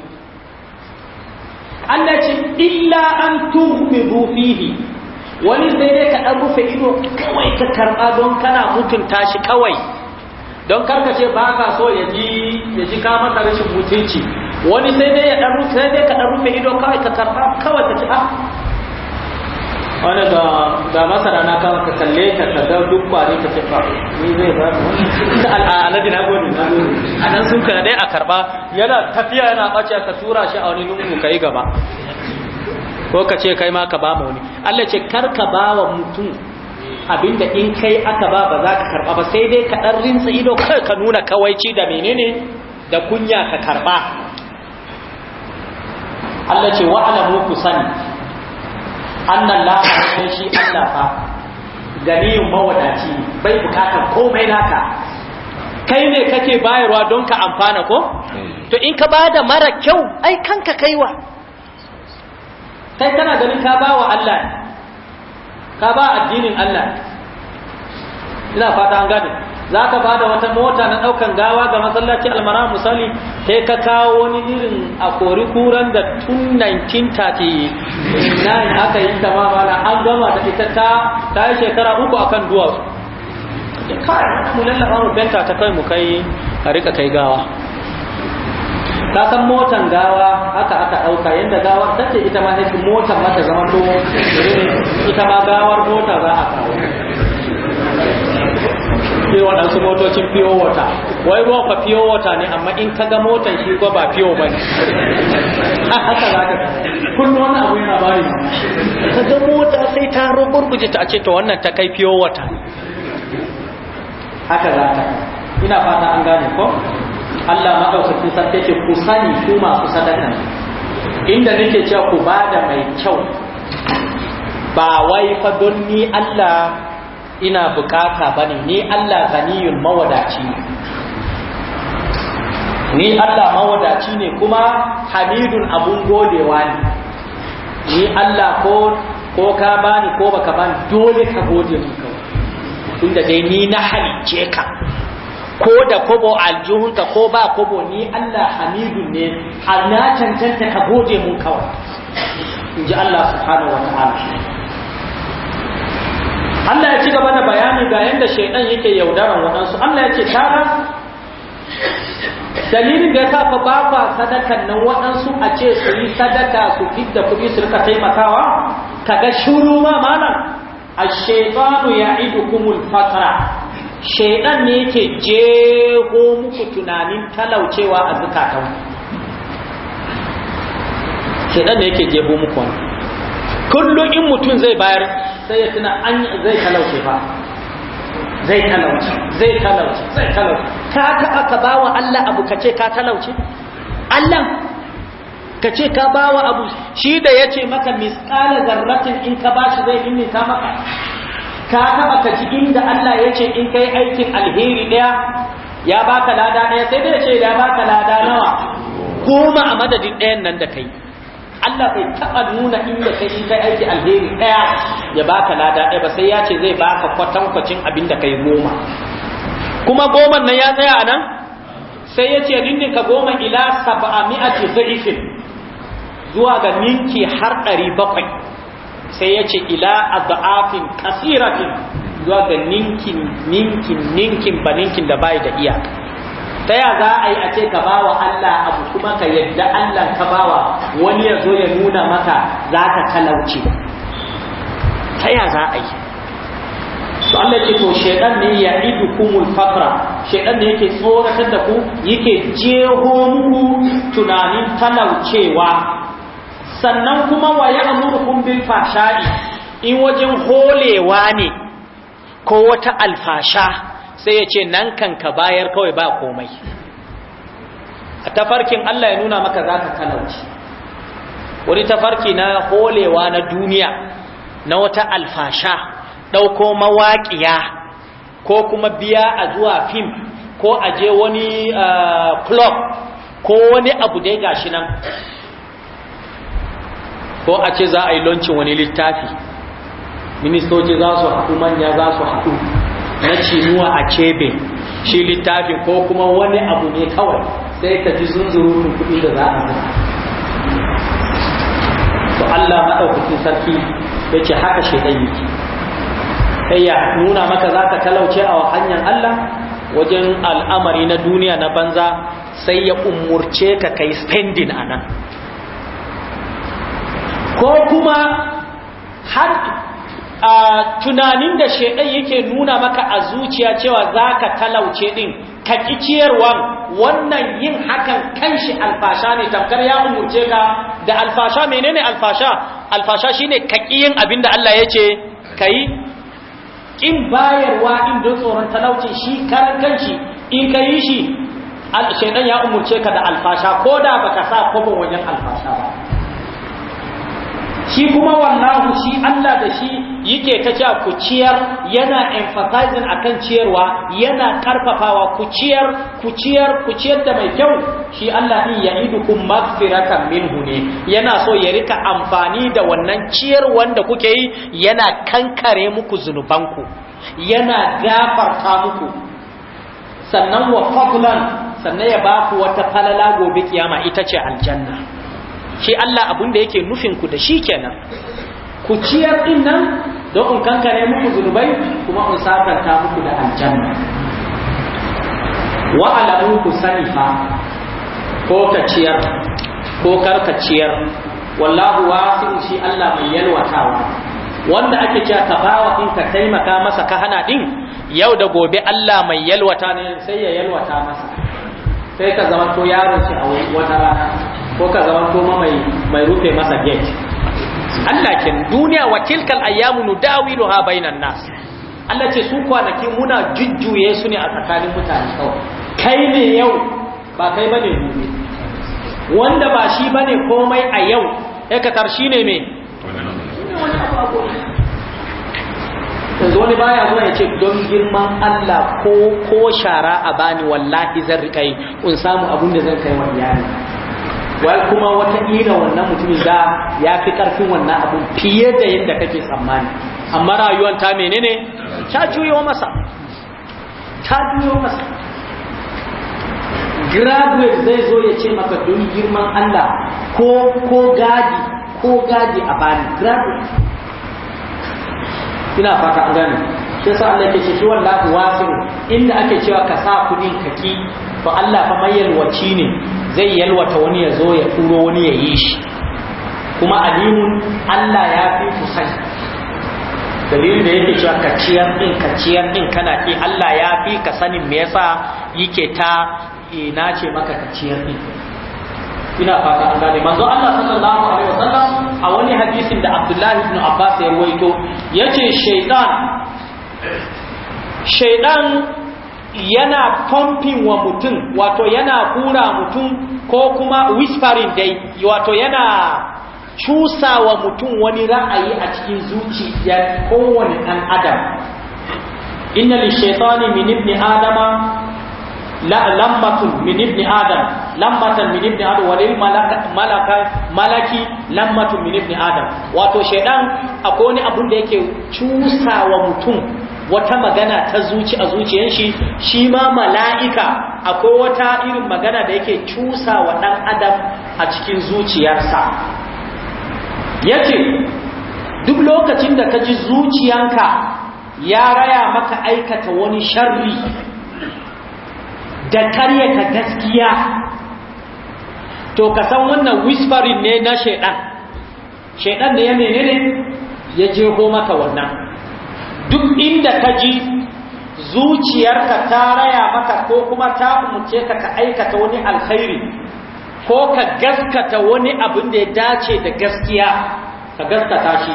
Allah ce illa an tughmidu fihi wani zai dai ka dan rufe ido kawai ka karba don kana mutunta shi kawai don karkace ba ka so ya ji ya ji kama masa rashin mutunci wani sai dai ya dan rufe ka rufe ido kawai ka karba kawai ka ci ah wani ga masara na kama ka kalle ta ka ga duk kwari ka tafa ni zai ba ta al'alabi na gode na gode a sun kana dai a karba yana tafiya yana bace ka tura shi a wani lungu kai gaba ko ka ce kai ma ka ba mu ne Allah ce kar ka ba wa mutum abinda in kai aka ba ba za ka karba ba sai dai ka dan rinsa ido kai ka nuna kawaici da menene da kunya ka karba Allah ce wa'alamu ku sani annan lafa ne shi Allah fa yin mawadaci bai bukatar komai naka kai ne kake bayarwa don ka amfana ko eh. to in ka bada mara kyau ai kanka kaiwa kai kana ganin ka bawa Allah ka ba addinin Allah ina fata an gane za ka ba da wata mota na ɗaukan gawa ga masallaci almara misali sai ka kawo wani irin a kori kuran da tun 1930s. 1939 aka yi ta mamala an gama da ita ta yi shekara uku akan duwatsu mu lallaba mu benta ta kai mu kai a rika kai gawa ta san motan gawa haka aka ɗauka yadda gawar take ita ma sai motan mata zama to ita ma gawar mota za a kawo sai waɗansu motocin fiyo wata wai ruwan fa fiyo wata ne amma in ka ga motan shi ko ba fiyo ba ne haka za ka kullum wani abu yana bari ka ga mota sai ta ruburguje ta ce to wannan ta kai fiyo wata haka za ka ina fata an gane ko Allah ma maɗaukakin sarki ce ku sani ku masu sadaka inda nake cewa ku bada mai kyau ba wai fa don ni Allah ina bukata bane ni Allah ganiyun mawadaci ne ni Allah mawadaci ne kuma hamidun abun godewa ne ni Allah ko ko ka bani ko baka bani dole ka gode min kawai tunda dai ni na halice ka ko da kobo aljihunka ko ba kobo ni Allah hamidun ne har na cancanta ka gode mu kawai in Allah subhanahu wa ta'ala Allah ya ci gaba da bayani ga yadda shaidan yake yaudaran waɗansu Allah ya ce tara dalilin da ya sa fa ba ba sadakan nan waɗansu a ce su yi sadaka su fidda kuɗi su rika taimakawa kaga shuru ma malam ash-shaytanu al fatra shaidan ne yake jeho muku tunanin talaucewa a zukatan shaidan ne yake jeho muku kullum in mutum zai bayar sai ya tuna an zai talauce fa zai talauce zai talauce zai talauce ka taɓa ka bawa Allah abu ka ce ka talauce Allah ka ce ka bawa abu shi da yace maka misqala zarratin in ka bashi zai ta maka ka taɓa ka ji inda Allah yace in kai aikin alheri daya ya baka lada daya sai dai ya ce ya baka lada nawa goma a madadin ɗayan nan da kai Allah bai taɓa nuna inda ka yi kai aiki alheri ɗaya ya baka lada ɗaya ba sai ya ce zai baka kwatankwacin abin da kai goma kuma goman nan ya tsaya a nan sai ya ce ka goma ila mi'ati zaifin zuwa ga ninki har ɗari bakwai sai ya ce ila adda'afin kasirafin zuwa ga ninkin ninkin ninkin ba ninkin da bai da iyaka ta ya za a yi a ce ka ba wa Allah abu kuma ka yadda Allah ka bawa wani ya zo ya nuna maka za ka talauce ta ya za a yi su Allah ce to shaidan ne ya idu kumul fakra shaidan ne yake tsoratar da ku yake jeho tunanin talaucewa sannan kuma wa ya amurukum bin fashari in wajen holewa ne ko wata alfasha sai ya ce nan ka bayar kawai ba komai a tafarkin Allah ya nuna maka za ka talauci wani tafarki na holewa na duniya na wata alfasha ɗauko mawaƙiya ko kuma biya a zuwa fim ko a je wani club ko wani abu dai gashi nan ko a ce za a yi launcin wani littafi ministoci za su haɗu manya za su haɗu na cinuwa a cebe shi littafi ko kuma wani abu ne kawai sai ka ji zunzurutun kuɗi da za a zai to Allah maɗaukacin sarki ya ce haka shaidan yake kai ya nuna maka za ka talauce a hanyar Allah wajen al'amari na duniya na banza sai ya umurce ka kai spending a nan ko kuma har a tunanin da shaidan yake nuna maka a zuciya cewa zaka talauce din ka ki wannan yin hakan kanshi alfasha ne tamkar ya umurce ka da alfasha menene alfasha alfasha shine ka ki yin abin da Allah ya ka kai ƙin bayarwa in don tsoron talauci shi karan in ka yi shi shaiɗan ya umurce ka da alfasha ko da baka sa kobon wajen alfasha ba shi kuma wallahu shi Allah da shi yake ta cewa ku ciyar yana emphasizing akan ciyarwa yana karfafawa ku ciyar ku ciyar ku ciyar da mai kyau shi Allah din ya idukum magfiratan minhu ne yana so ya rika amfani da wannan ciyar wanda kuke yi yana kankare muku zunubanku yana gafarta muku sannan wa fadlan sannan ya baku wata falala gobe kiyama ita ce aljanna shi Allah abin da yake nufin ku da shi kenan ku ciyar din nan don in kankare muku zunubai kuma in sakanta muku da aljanna wa alamu ku sani fa ko ka ciyar ko kar ka ciyar wallahu wasi'un shi Allah mai yalwatawa wanda ake cewa ka bawa in ka taimaka masa ka hana din yau da gobe Allah mai yalwata ne sai ya yalwata masa sai ka zama to yaron shi a wata rana ko ka zama ko mai mai rufe masa gate Allah ke duniya wa tilkal ayyamu nudawiluha bainan nas Allah ce su kwanaki muna jujjuye su ne a tsakanin mutane kawai kai ne yau ba kai bane gobe wanda ba shi bane komai a yau sai ka tar shine me yanzu wani baya zuwa ya ce don girman Allah ko ko shara a bani wallahi zan riƙa in samu abin da zan kai wa iyali wai kuma wataƙila wannan mutumin da ya fi ƙarfin wannan abu fiye da yadda kake tsammani amma rayuwar ta menene ta juyo masa ta juyo masa graduate zai zo ya ce maka don girman Allah ko ko gadi ko gadi a bani graduate ina fata an gane shi yasa Allah yake shi wallahi wasiru inda ake cewa ka sa kudin kaki to Allah fa mayyal waci ne zai yalwata wani ya zo ya turo wani ya yi shi kuma alimun Allah ya fi ku sani dalilin da yake cewa kaciyar din kaciyar din kana ki Allah ya fi ka sanin me yasa yake ta ina ce maka kaciyar din ina fata an gane manzo Allah sallallahu alaihi wasallam a wani hadisin da Abdullahi ibn Abbas ya rawaito yace shaytan shaytan yana pumping wa mutum wato yana kura mutum ko kuma whispering dai wato yana cusa wa mutum wani ra'ayi a cikin zuci, ya kowane ɗan adam inna li shaitani min ibn adama la lammatun min ibn adam lammatan min ibn adam walil malaka malaka malaki lammatun min ibn adam wato shaitan akwai wani abun da yake cusa wa mutum wata magana ta zuci a zuciyar shi shi ma mala'ika akwai wata irin magana da yake cusa wa ɗan adam a cikin zuciyarsa yake duk lokacin da ka ji zuciyanka ya raya maka aikata wani sharri da karyata gaskiya to ka san wannan whispering ne na shaidan shaidan da ya menene ya jeho maka wannan duk inda ka ji zuciyarka ta raya maka ko kuma ta umarce ka ka aikata wani alkhairi ko ka gaskata wani abin da ya dace da gaskiya ka gaskata shi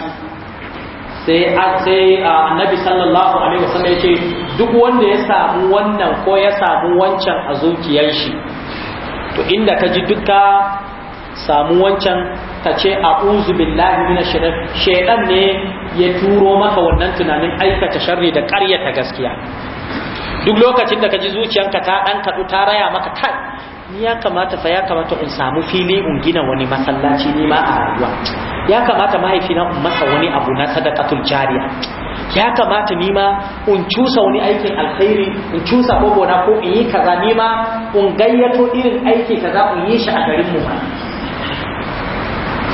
sai sai annabi sallallahu alaihi wasallam ce duk wanda ya samu wannan ko ya samu wancan a zuciyar shi to inda ka ji duka samu wancan ka ce a uzu lahi mina shaidan ne ya turo maka wannan tunanin aikata sharri da ƙaryata gaskiya duk lokacin da ka ji zuciyanka ta ɗan kaɗu ta raya maka kai ni ya kamata fa ya kamata in samu fili in gina wani masallaci ni ma a rayuwa ya kamata mahaifina in masa wani abu na sadaqatul jariya ya kamata ni ma in cusa wani aikin alkhairi in cusa gogona ko in yi kaza ni ma in gayyato irin aiki kaza in yi shi a garin mu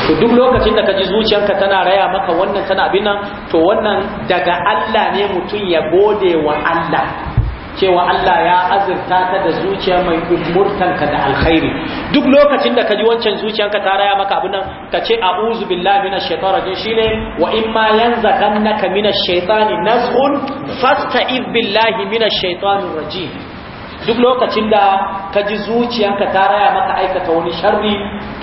to duk lokacin da ka ji zuciyanka tana raya maka wannan tana abin nan to wannan daga Allah ne mutum ya gode wa Allah cewa Allah ya azurta ka da zuciya mai umurtanka da alkhairi duk lokacin da ka ji wancan zuciyanka ta raya maka abin nan ka ce a'udhu billahi minash shaitani rajim shine wa imma yanzaghannaka minash shaitani nazghun fasta'id billahi minash shaitani rajim duk lokacin da ka ji zuciyanka ta raya maka aikata wani sharri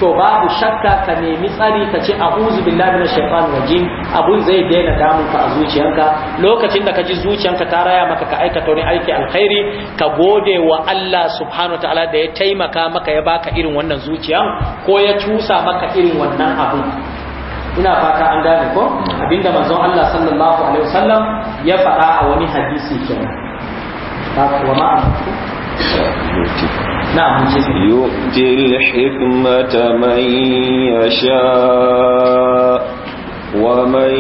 to babu shakka ka nemi tsari ka ce a a'udhu bin minash shaitanir rajim abun zai daina damun ka a zuciyanka lokacin da ka ji zuciyanka ta raya maka ka aikata wani aiki alkhairi ka gode wa Allah subhanahu ta'ala da ya taimaka maka ya baka irin wannan zuciyan ko ya cusa maka irin wannan abun ina fata an gane ko abinda manzon Allah sallallahu alaihi wasallam ya faɗa a wani hadisi kenan kuma ma'ana يؤتي الحكمة من يشاء ومن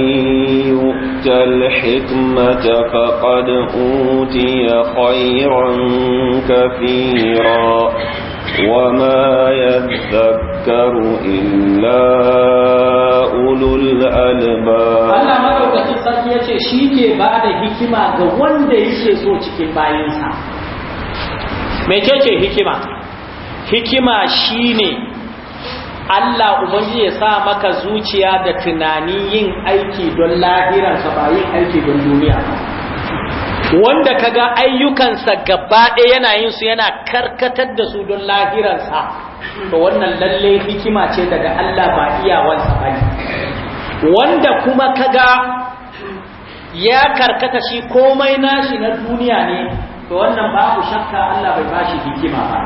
يؤت الحكمة فقد أوتي خيرا كثيرا وما يذكر إلا أولو الألباب Allah madaukakin sarki ya ce shi ke ba da hikima ga wanda yake so cikin bayansa ce hikima hikima shine Allah umarci ya sa maka zuciya da tunani yin aiki don lahiransa ba yin aiki don duniya wanda kaga ayyukansa gaba ɗaya yana yin su yana karkatar da su don lahiransa to wannan lalle hikima ce daga Allah ba iyawansa ba wanda kuma kaga ya karkata shi komai nashi na duniya ne to wannan babu shakka Allah bai bashi hikima ba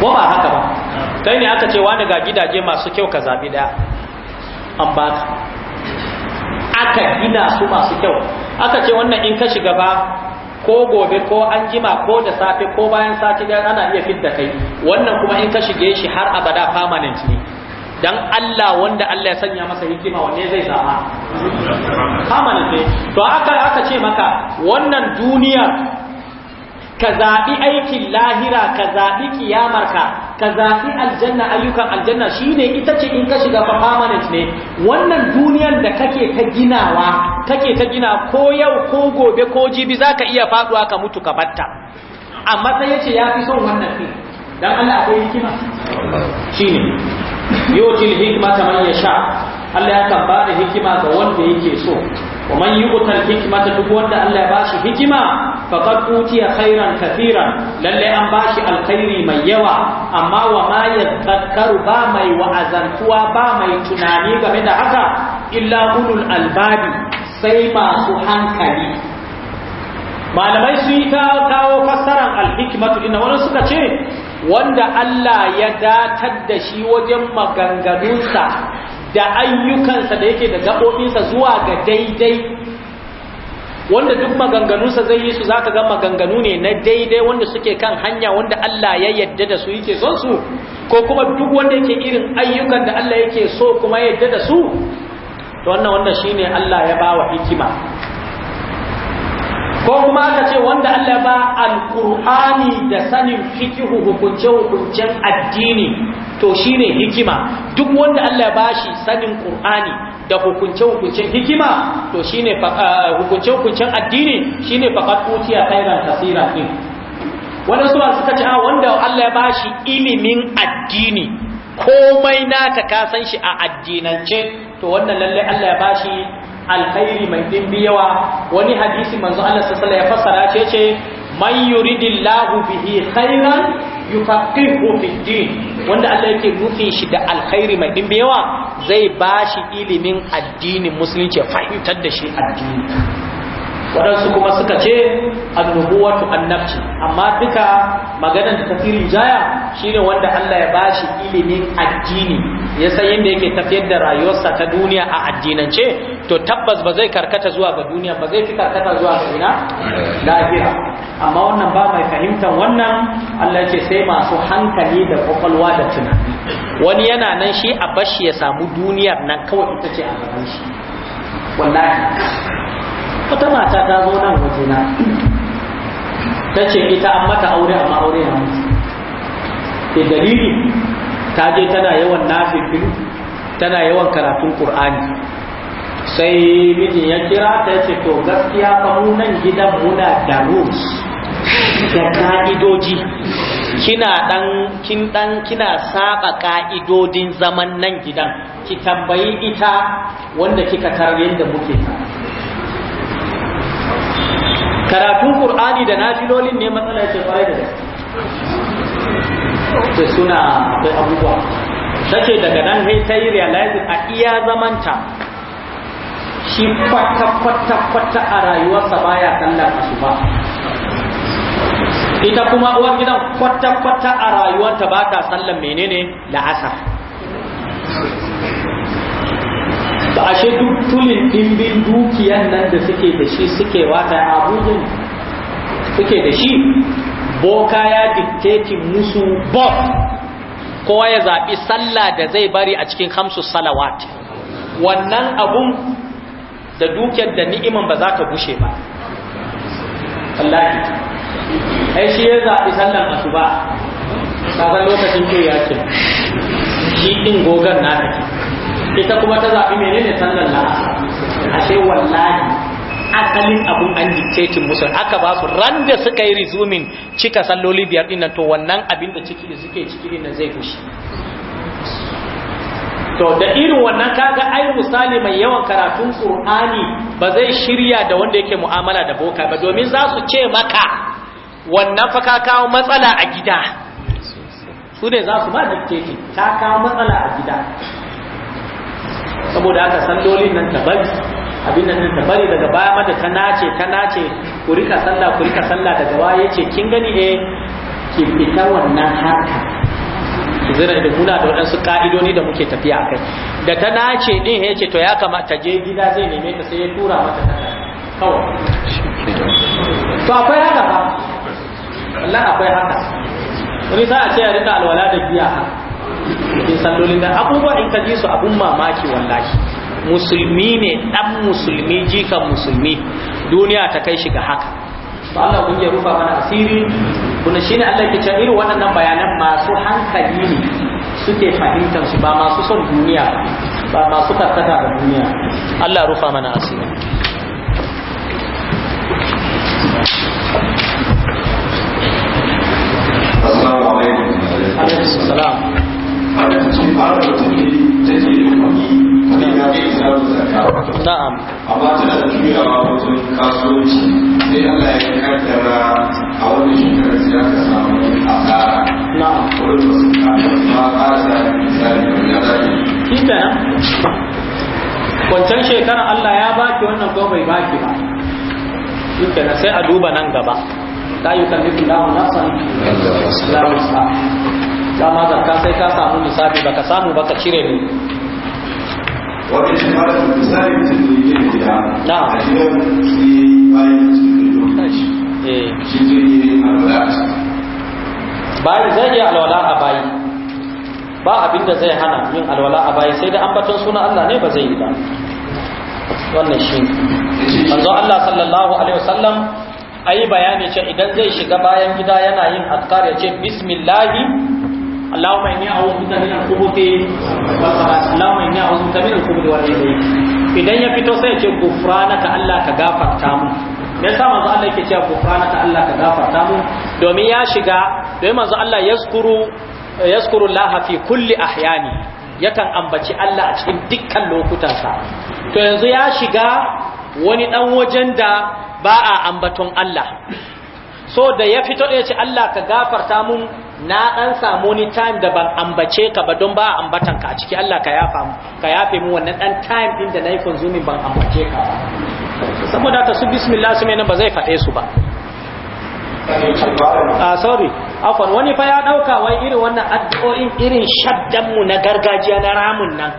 ko ba haka ba kai ne aka ce wa daga gidaje masu kyau ka zaɓi ɗaya an ba ka aka gina su masu kyau aka ce wannan in ka shiga ba ko gobe ko an ko da safe ko bayan sati ɗaya ana iya fidda kai wannan kuma in ka shige shi har abada permanent ne dan Allah wanda Allah ya sanya masa hikima wanne zai zama kamanin ne to aka aka ce maka wannan duniya ka zaɓi aikin lahira ka zaɓi kiyamar ka ka zaɓi aljanna ayyukan aljanna shine ita ce in ka shiga permanent ne wannan duniyar da kake ta ginawa kake ta gina ko yau ko gobe ko jibi zaka iya faduwa ka mutu ka batta amma sai yace ya fi son wannan ne dan Allah akwai hikima shine yutil hikmata manya sha, Allah yakan ba da hikima ga wanda yake so wa man hikima ta duk wanda Allah ya bashi hikima faqad utiya khairan kathiran lalle an bashi alkhairi mai yawa amma wa ma yadhakkaru ba mai wa'azantuwa ba mai tunani game da haka illa ulul albabi sai masu hankali malamai sun yi kawo fassarar alhikmatu ina wani suka ce wanda Allah ya datar da shi wajen maganganunsa da ayyukansa da yake da gaɓoɓinsa zuwa ga daidai wanda duk maganganunsa zai yi su za ka ga maganganu ne na daidai wanda suke kan hanya wanda Allah ya yadda da su yake son su ko kuma duk wanda yake irin ayyukan da Allah yake so kuma yadda da su to wannan shi shine Allah ya bawa hikima ko kuma aka ce wanda Allah ba alkur'ani da sanin fikihu hukunce hukuncen addini to shine hikima duk wanda Allah ba shi sanin qur'ani da hukunce hukuncen hikima to shine hukunce hukuncen addini shine faqat utiya khairan kaseera din wanda su suka ce a ah, wanda Allah ya ba shi ilimin addini komai naka ka san shi a addinance to wannan lalle Allah ya ba shi alkhairi mai dimbi yawa wani hadisi manzo Allah sallallahu alaihi wasallam ya fassara ce ce man yuridillahu bihi khairan yufaqihu fid din wanda Allah yake nufin shi da alkhairi mai dimbi yawa zai bashi ilimin addinin musulunci ya fahimtar da shi addini waɗansu kuma suka ce annubuwatu annabci amma duka maganar da tafi rinjaya shine wanda Allah ya bashi ilimin addini ya san yadda yake tafiyar da rayuwarsa ta duniya a addinance to tabbas ba zai karkata zuwa ga duniya ba zai fi karkata zuwa ga ina lafiya amma wannan ba mai fahimtar wannan Allah ya ce sai masu hankali da kwakwalwa da tunani wani yana nan shi a bashi ya samu duniyar nan kawai ita ce a gaban shi wallahi wata mata ta zo nan wajena ta ce ita an mata aure amma aure na mutu da dalili ta je tana yawan nafifin tana yawan karatun ƙur'ani sai mijin ya kira ta ce to gaskiya fa mu nan gidan muna da rules da ka'idoji kina dan kin dan kina saba ka'idodin zaman nan gidan ki tambayi ita wanda kika tara yadda muke ta karatun ƙur'ani da nafilolin ne matsala ce kwarai da gaske suna akwai abubuwa tace daga nan sai ta yi realizing a iya zamanta shi kwata kwata kwata a rayuwarsa baya sallar ba. ita kuma uwar gidan kwata kwata a rayuwarta ba ta sallar menene la'asar ashe duk tulin ɗimbin dukiyar nan da suke da shi suke wata abubuwan suke da shi boka ya diktetin musu bob kowa ya zabi sallah da zai bari a cikin hamsu salawat wannan abun da dukiyar da ni'iman ba za ta gushe ba wallahi ai shi ya zaɓi sallan asuba ga lokacin to ya ce shi ɗin gogon na take ita kuma ta zaɓi menene sallar A ashe wallahi asalin abun an dictating musu aka ba su ran da suka yi rizumin cika salloli biyar dinnan to wannan abin da ciki da suke ciki dinnan zai fushi to da irin wannan kaga ai misali mai yawan karatun qur'ani ba zai shirya da wanda yake mu'amala da boka ba domin za su ce maka wannan fa ka kawo matsala a gida su ne za su ba dictating ka kawo matsala a gida saboda haka dolin nan ta bari abin nan ta bari daga baya mata ta nace ta nace ku rika sallah ku rika sallah daga baya yace kin gani eh ki fita wannan haka. zira da muna da waɗansu ka'idoni da muke tafiya akai da ta nace din yace to ya kamata je gida zai neme ta sai ya tura mata kawai to akwai haka ba Allah akwai haka wani sa a ce ya rika alwala da biya haka cikin sallolin da abubuwa in ka ji su abun mamaki wallahi musulmi ne dan musulmi jikan musulmi duniya ta kai shi ga haka ba Allah kun ya rufa mana asiri kuna shine Allah ke cewa irin waɗannan bayanan masu hankali ne suke fahimtar su ba masu son duniya ba masu karkata da duniya Allah rufa mana asiri Assalamu alaikum. na'am amma tana da juyawa wajen kasuwanci sai Allah ya kaddara a wani shekarar sai aka samu asara na'am wurin wasu kafin ma ƙasa misali da zai shi kenan wancan shekarar Allah ya baki wannan ko bai baki ba shi sai a duba nan gaba yi la yukallifu Allahu nafsan da wus'aha dama zakka sai ka samu misali baka samu baka cire ni wajen ba da misali ne yake gida na a gidan shi bayan shi ne eh. alwala bayan zai yi alwala a bayi ba abin da zai hana yin alwala a bayi sai da ambaton suna Allah ne ba zai yi ba wannan shi manzo Allah sallallahu alaihi wasallam ayi bayani ce idan zai shiga bayan gida yana yin azkar ya ce bismillahi اللهم إني أعوذ بك من الخبث والخبائث اللهم إني أعوذ بك من الخبث والخبائث idan ya fito sai ya ce gufranaka Allah ka gafarta mu me yasa manzo Allah yake cewa ta Allah ka gafarta mu domin ya shiga domin manzo Allah yaskuru yaskuru Allah fi kulli ahyani yakan ambaci Allah a cikin dukkan lokutansa to yanzu ya shiga wani dan wajen da ba a ambaton Allah so da ya fito ya ce Allah ka gafarta mun na ɗan samu ni time da ban ambace ka ba don ba ambatan ka a ciki Allah ka yafa mu ka yafe mu wannan dan time din da nayi consuming ban ambace ka ba saboda ta su bismillah su mai ba zai faɗe su ba a ah, sorry afon wani fa ya ɗauka wai irin wannan addu'o'in irin shaddan mu na gargajiya na ramun nan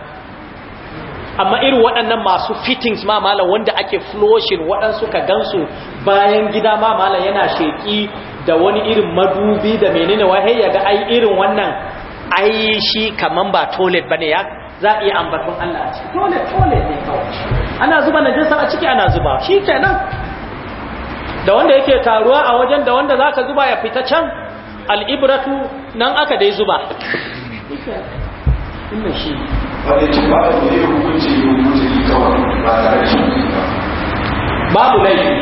amma irin waɗannan masu fittings ma malam wanda ake flushing waɗansu ka gansu bayan gida ma malam yana sheƙi. da wani irin madubi da menene wahai ya ga ai irin wannan ai shi kaman ba toilet bane ya za a iya ambaton Allah a ciki toilet toilet ne kawai ana zuba jinsa a ciki ana zuba shi kenan da wanda yake taruwa a wajen da wanda zaka zuba ya fita can al'ibratu nan aka dai zuba babu laifi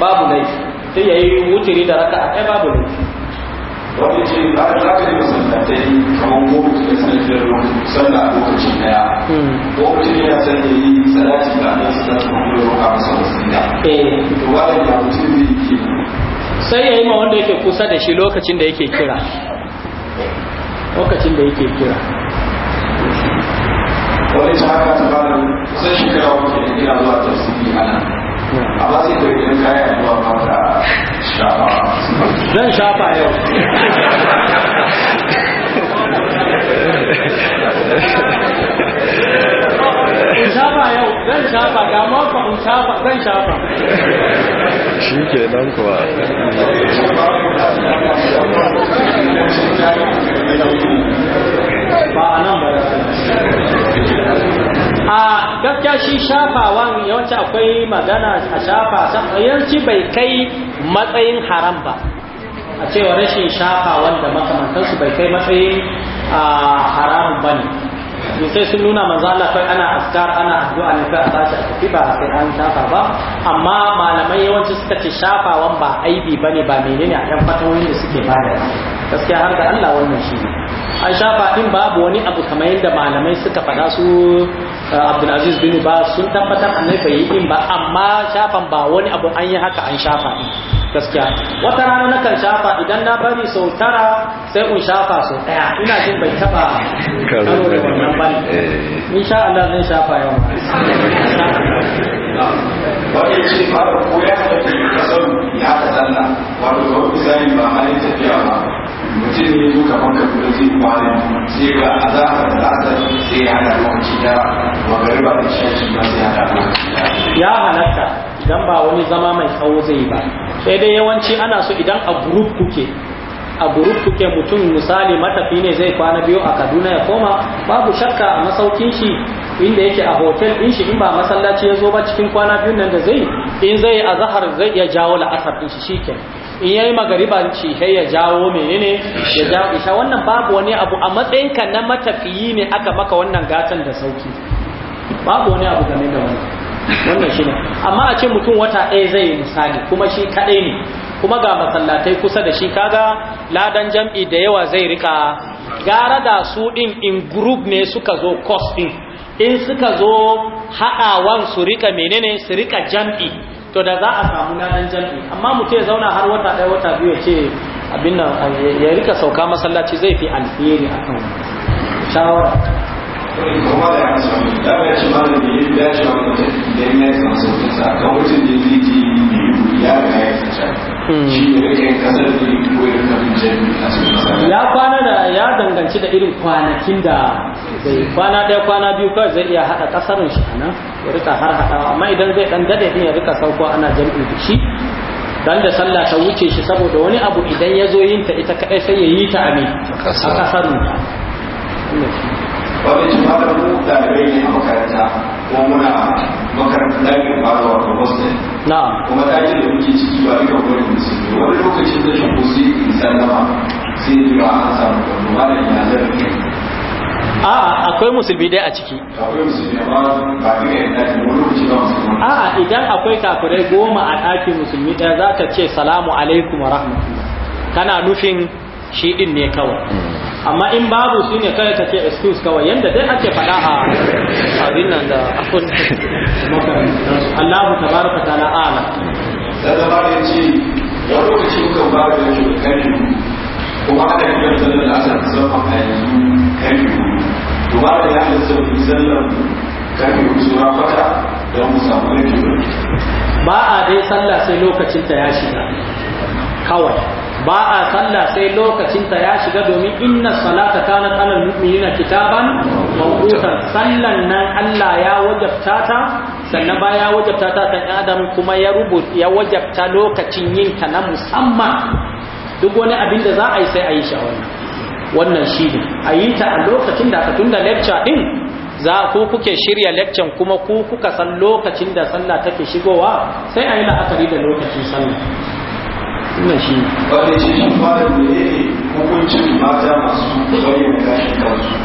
babu laifi sai ya yi wuturi da raka a kai babu ne wanda ce za ka yi masallatai kamar gobe da sanadiyar sallah a lokaci daya hmm. ko mutum yana son ya yi salati da annabi sallallahu alaihi wasallam a masa wasila eh to wannan ya mutum zai yi sai ya yi ma wanda yake kusa da shi lokacin da yake kira lokacin da yake kira wani ta haka ta ba da kusan shekara wata da kira zuwa tasiri ana a ba hmm. sai da kaya zuwa mata 真傻吧，哟。真傻吧，哟，真傻吧，我！真傻吧，我！傻吧！世界那么 a gaskiya shi shafawan yawanci akwai magana a shafa yawanci bai kai matsayin haram ba a cewa rashin shafawan da makamantansu bai kai matsayin haram ba ne sai sun nuna manzala kai ana askar ana addu'a ne kai a tashi a tafi ba sai an shafa ba amma malamai yawanci suka ce shafawan ba aibi ba ne ba menene a yan fatawoyin da suke bayar gaskiya har da Allah wannan shi ne an shafa in babu wani abu kamar yadda malamai suka faɗa su eh, abdulaziz bin ba sun tabbatar an bai yi in ba amma shafan ba wani abu an yi haka an shafa in. gaskiya wata rana na kan shafa idan na bari sau tara sai in shafa sau ɗaya ina jin bai taba karo da wannan ba eh. in sha Allah zan shafa yau wani fara koya da kasar ya ta wato ba ku zai ba halin tafiya ba mutum ne zai sai ga azahar da sai ya hada lokaci da da sai hada ya halatta idan ba wani zama mai tsawo zai ba sai dai yawanci ana so idan a group kuke a group kuke mutum misali matafi ne zai kwana biyu a kaduna ya koma babu shakka a masaukin shi inda yake a hotel din shi in ba masallaci ya zo ba cikin kwana biyun nan da zai in zai a zahar zai iya jawo la'asar din shi shikenan in yayi magariban ce sai ya jawo menene ya jawo isha wannan babu wani abu a matsayin ka na matafiyi ne aka maka wannan gatan da sauki babu wani abu game da wannan wannan shine amma a ce mutum wata ɗaya zai yi misali kuma shi kaɗai ne kuma ga masallatai kusa da shi kaga ladan jam'i da yawa zai rika gara da su ɗin in group ne suka zo course ɗin in suka zo haɗawan su rika menene su rika jam'i to da za a samu ladan jam'i amma mu ce zauna har wata ɗaya wata biyu ya ce abin nan ya rika sauka masallaci zai fi alheri a kan shawara hmm. ya kwana da ya danganci da irin kwanakin da kwana ɗaya kwana biyu kawai zai iya haɗa ƙasarin shi nan ya rika har haɗawa amma idan zai ɗan dade ɗin ya rika sauko ana jam'i da shi dan da sallah ta wuce shi saboda wani abu idan ya zo yin ta ita kaɗai sai ya yi ta a a ƙasarin ta. Wani shi fara mu ɗalibai ne a makaranta ko muna makarantar ɗalibin fara wato hostel. Na'am. Kuma ɗalibin da muke ciki ba duka wani musulmi wani lokacin da shi ko sai in sallama sai ba a samu wani malam ya zarafi a'a akwai musulmi dai a ciki a'a idan akwai kafirai goma a ɗakin musulmi ɗaya za ka ce salamu alaikum rahmatullah kana nufin shi ɗin ne kawai hmm. amma in babu su ne kawai ka ce excuse kawai yadda dai ake faɗa a abin nan da akwai Allahu ta ta'ala a'lam da ala da ce ya lokaci muka da aka kuma ana kiran sallar asar zama a yanzu to ba da ba a dai sallah sai lokacin ta ya shiga kawai ba a sallah sai lokacin ta ya shiga domin inna salata kana alal na kitaban mawqutan sallan nan Allah ya wajabta ta sannan baya wajabta ta kan adam kuma ya rubuta ya wajabta lokacin yin ta na musamman duk wani abin da za a yi sai a yi shi wannan wannan shi ne a yi ta a lokacin da aka tunda lecture din za ku kuke shirya lecture kuma ku kuka san lokacin da sallah take shigowa sai a yi la'akari da lokacin sallah ina shi wanda ce shi fara ne hukuncin mata masu bayyana gashin kansu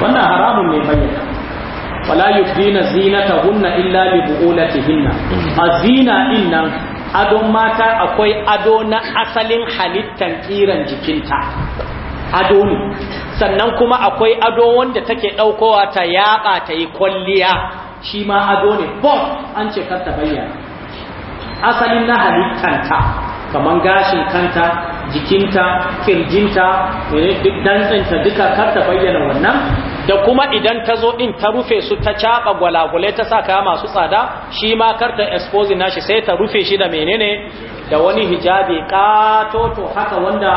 wannan haramun ne bayyana wala yubdina hunna illa li bu'ulatihinna azina inna adon mata akwai ado na asalin halittan kiran jikinta ado ne sannan kuma akwai ado wanda take ɗaukowa ta yaɓa ta yi kwalliya shi ma ado ne bon an ce kanta bayyana asalin na halittanta kamar gashin kanta jikinta kirjinta eh, duk dantsinta duka ta bayyana wannan da kuma idan ta zo ɗin ta rufe su ta caɓa gwalagwale ta sa kaya masu tsada shi ma karta exposing nashi sai ta rufe shi da menene da wani hijabi to haka wanda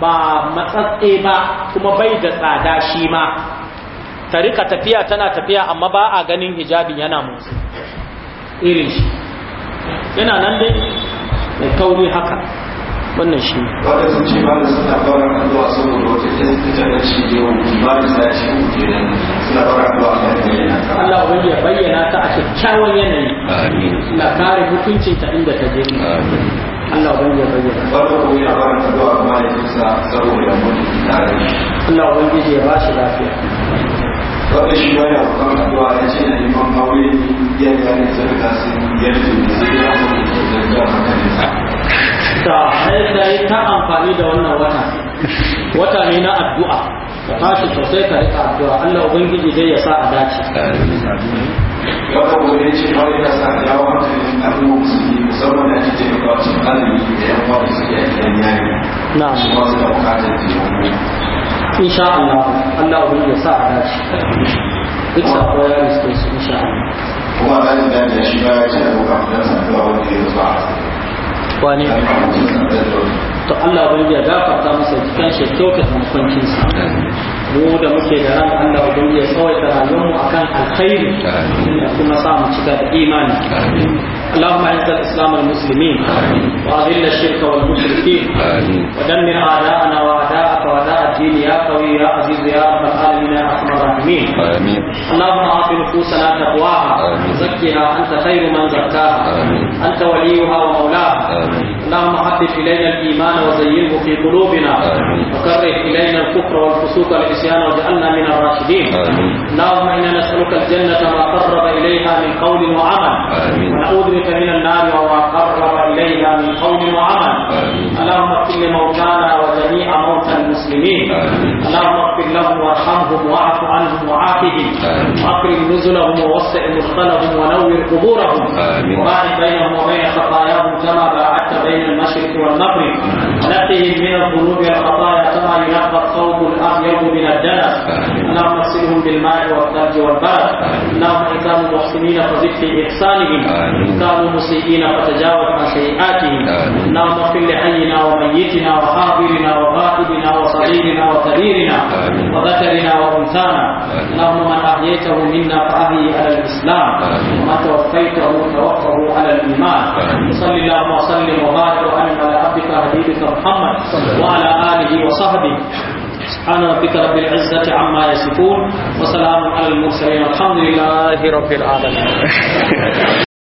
ba matsatse ba kuma bai da tsada shi ma ta rika tafiya tana tafiya amma ba a ganin hijabin yana motsi irin shi yana nan dai kauri haka wannan shi wanda sun suna fara saboda wata ta da shi ba da suna kan Allah ya bayyana ta a kyakkyawan yanayi na kare hukuncin ta inda ta je Allah ya bayyana wanda ko ya fara kuma ya saboda Allah ya ba shi lafiya wanda shi wani ya ce na neman ne ya gane zarga sun da zai yi da ta sai yi ta amfani da wannan wata wata ne na addu'a ka tashi sosai ka rika addu'a Allah ubangiji dai ya sa a dace wata gobe ce kawai ta sa jawo hankalin al'umma musulmi musamman da ake taimaka wa cikin alimi da yan faru su yi aikin na su ma su da bukatar taimako Allah Allah ubangiji ya sa a dace duk sako ya riske su insha Allah kuma da shi ba ya ce abokan fitarsa zuwa wanda ya zuwa kwane to Allah bai ya gafarta masa cikin shi kyauta sa mu da muke da ran Allah bai ya tsawaita rayuwar mu akan alkhairi kuma samu mu cika da imani اللهم اعز الاسلام والمسلمين واذل الشرك والمشركين ودمر اعداءنا واعداءك واعداء الدين يا قوي يا عزيز يا رب العالمين يا ارحم الراحمين اللهم اعط نفوسنا تقواها وزكها انت خير من زكاها انت وليها ومولاها اللهم حبب إلينا الإيمان وزينه في قلوبنا وكره إلينا الكفر والفسوق والعصيان واجعلنا من الراشدين اللهم إنا نسألك الجنة ما قرب إليها من قول وعمل ونعوذ بك من النار وما قرب إليها من قول وعمل اللهم اغفر لموتانا وجميع موتى المسلمين اللهم اغفر لهم وارحمهم واعف عنهم وعافهم واكرم نزلهم ووسع مدخلهم ونور قبورهم وبارك بينهم وبين خطاياهم كما باعدت بين المشرق والمغرب ونقهم من الذنوب والخطايا كما ينقى الثوب الابيض من الدنس اللهم اغسلهم بالماء والثلج والبرد اللهم ان كانوا محسنين فزد في احسانهم ان كانوا مسيئين فتجاوز عن سيئاتهم اللهم اغفر لحينا وميتنا وحاضرنا وغائبنا وصغيرنا وكبيرنا وذكرنا وانثانا اللهم من احييته منا فاهي على الاسلام ومن توفيته توفه على الايمان صل اللهم وسلم وبارك وانعم على عبدك حبيبك محمد وعلى اله وصحبه سبحان ربك رب العزة عما يصفون وسلام على المرسلين الحمد لله رب العالمين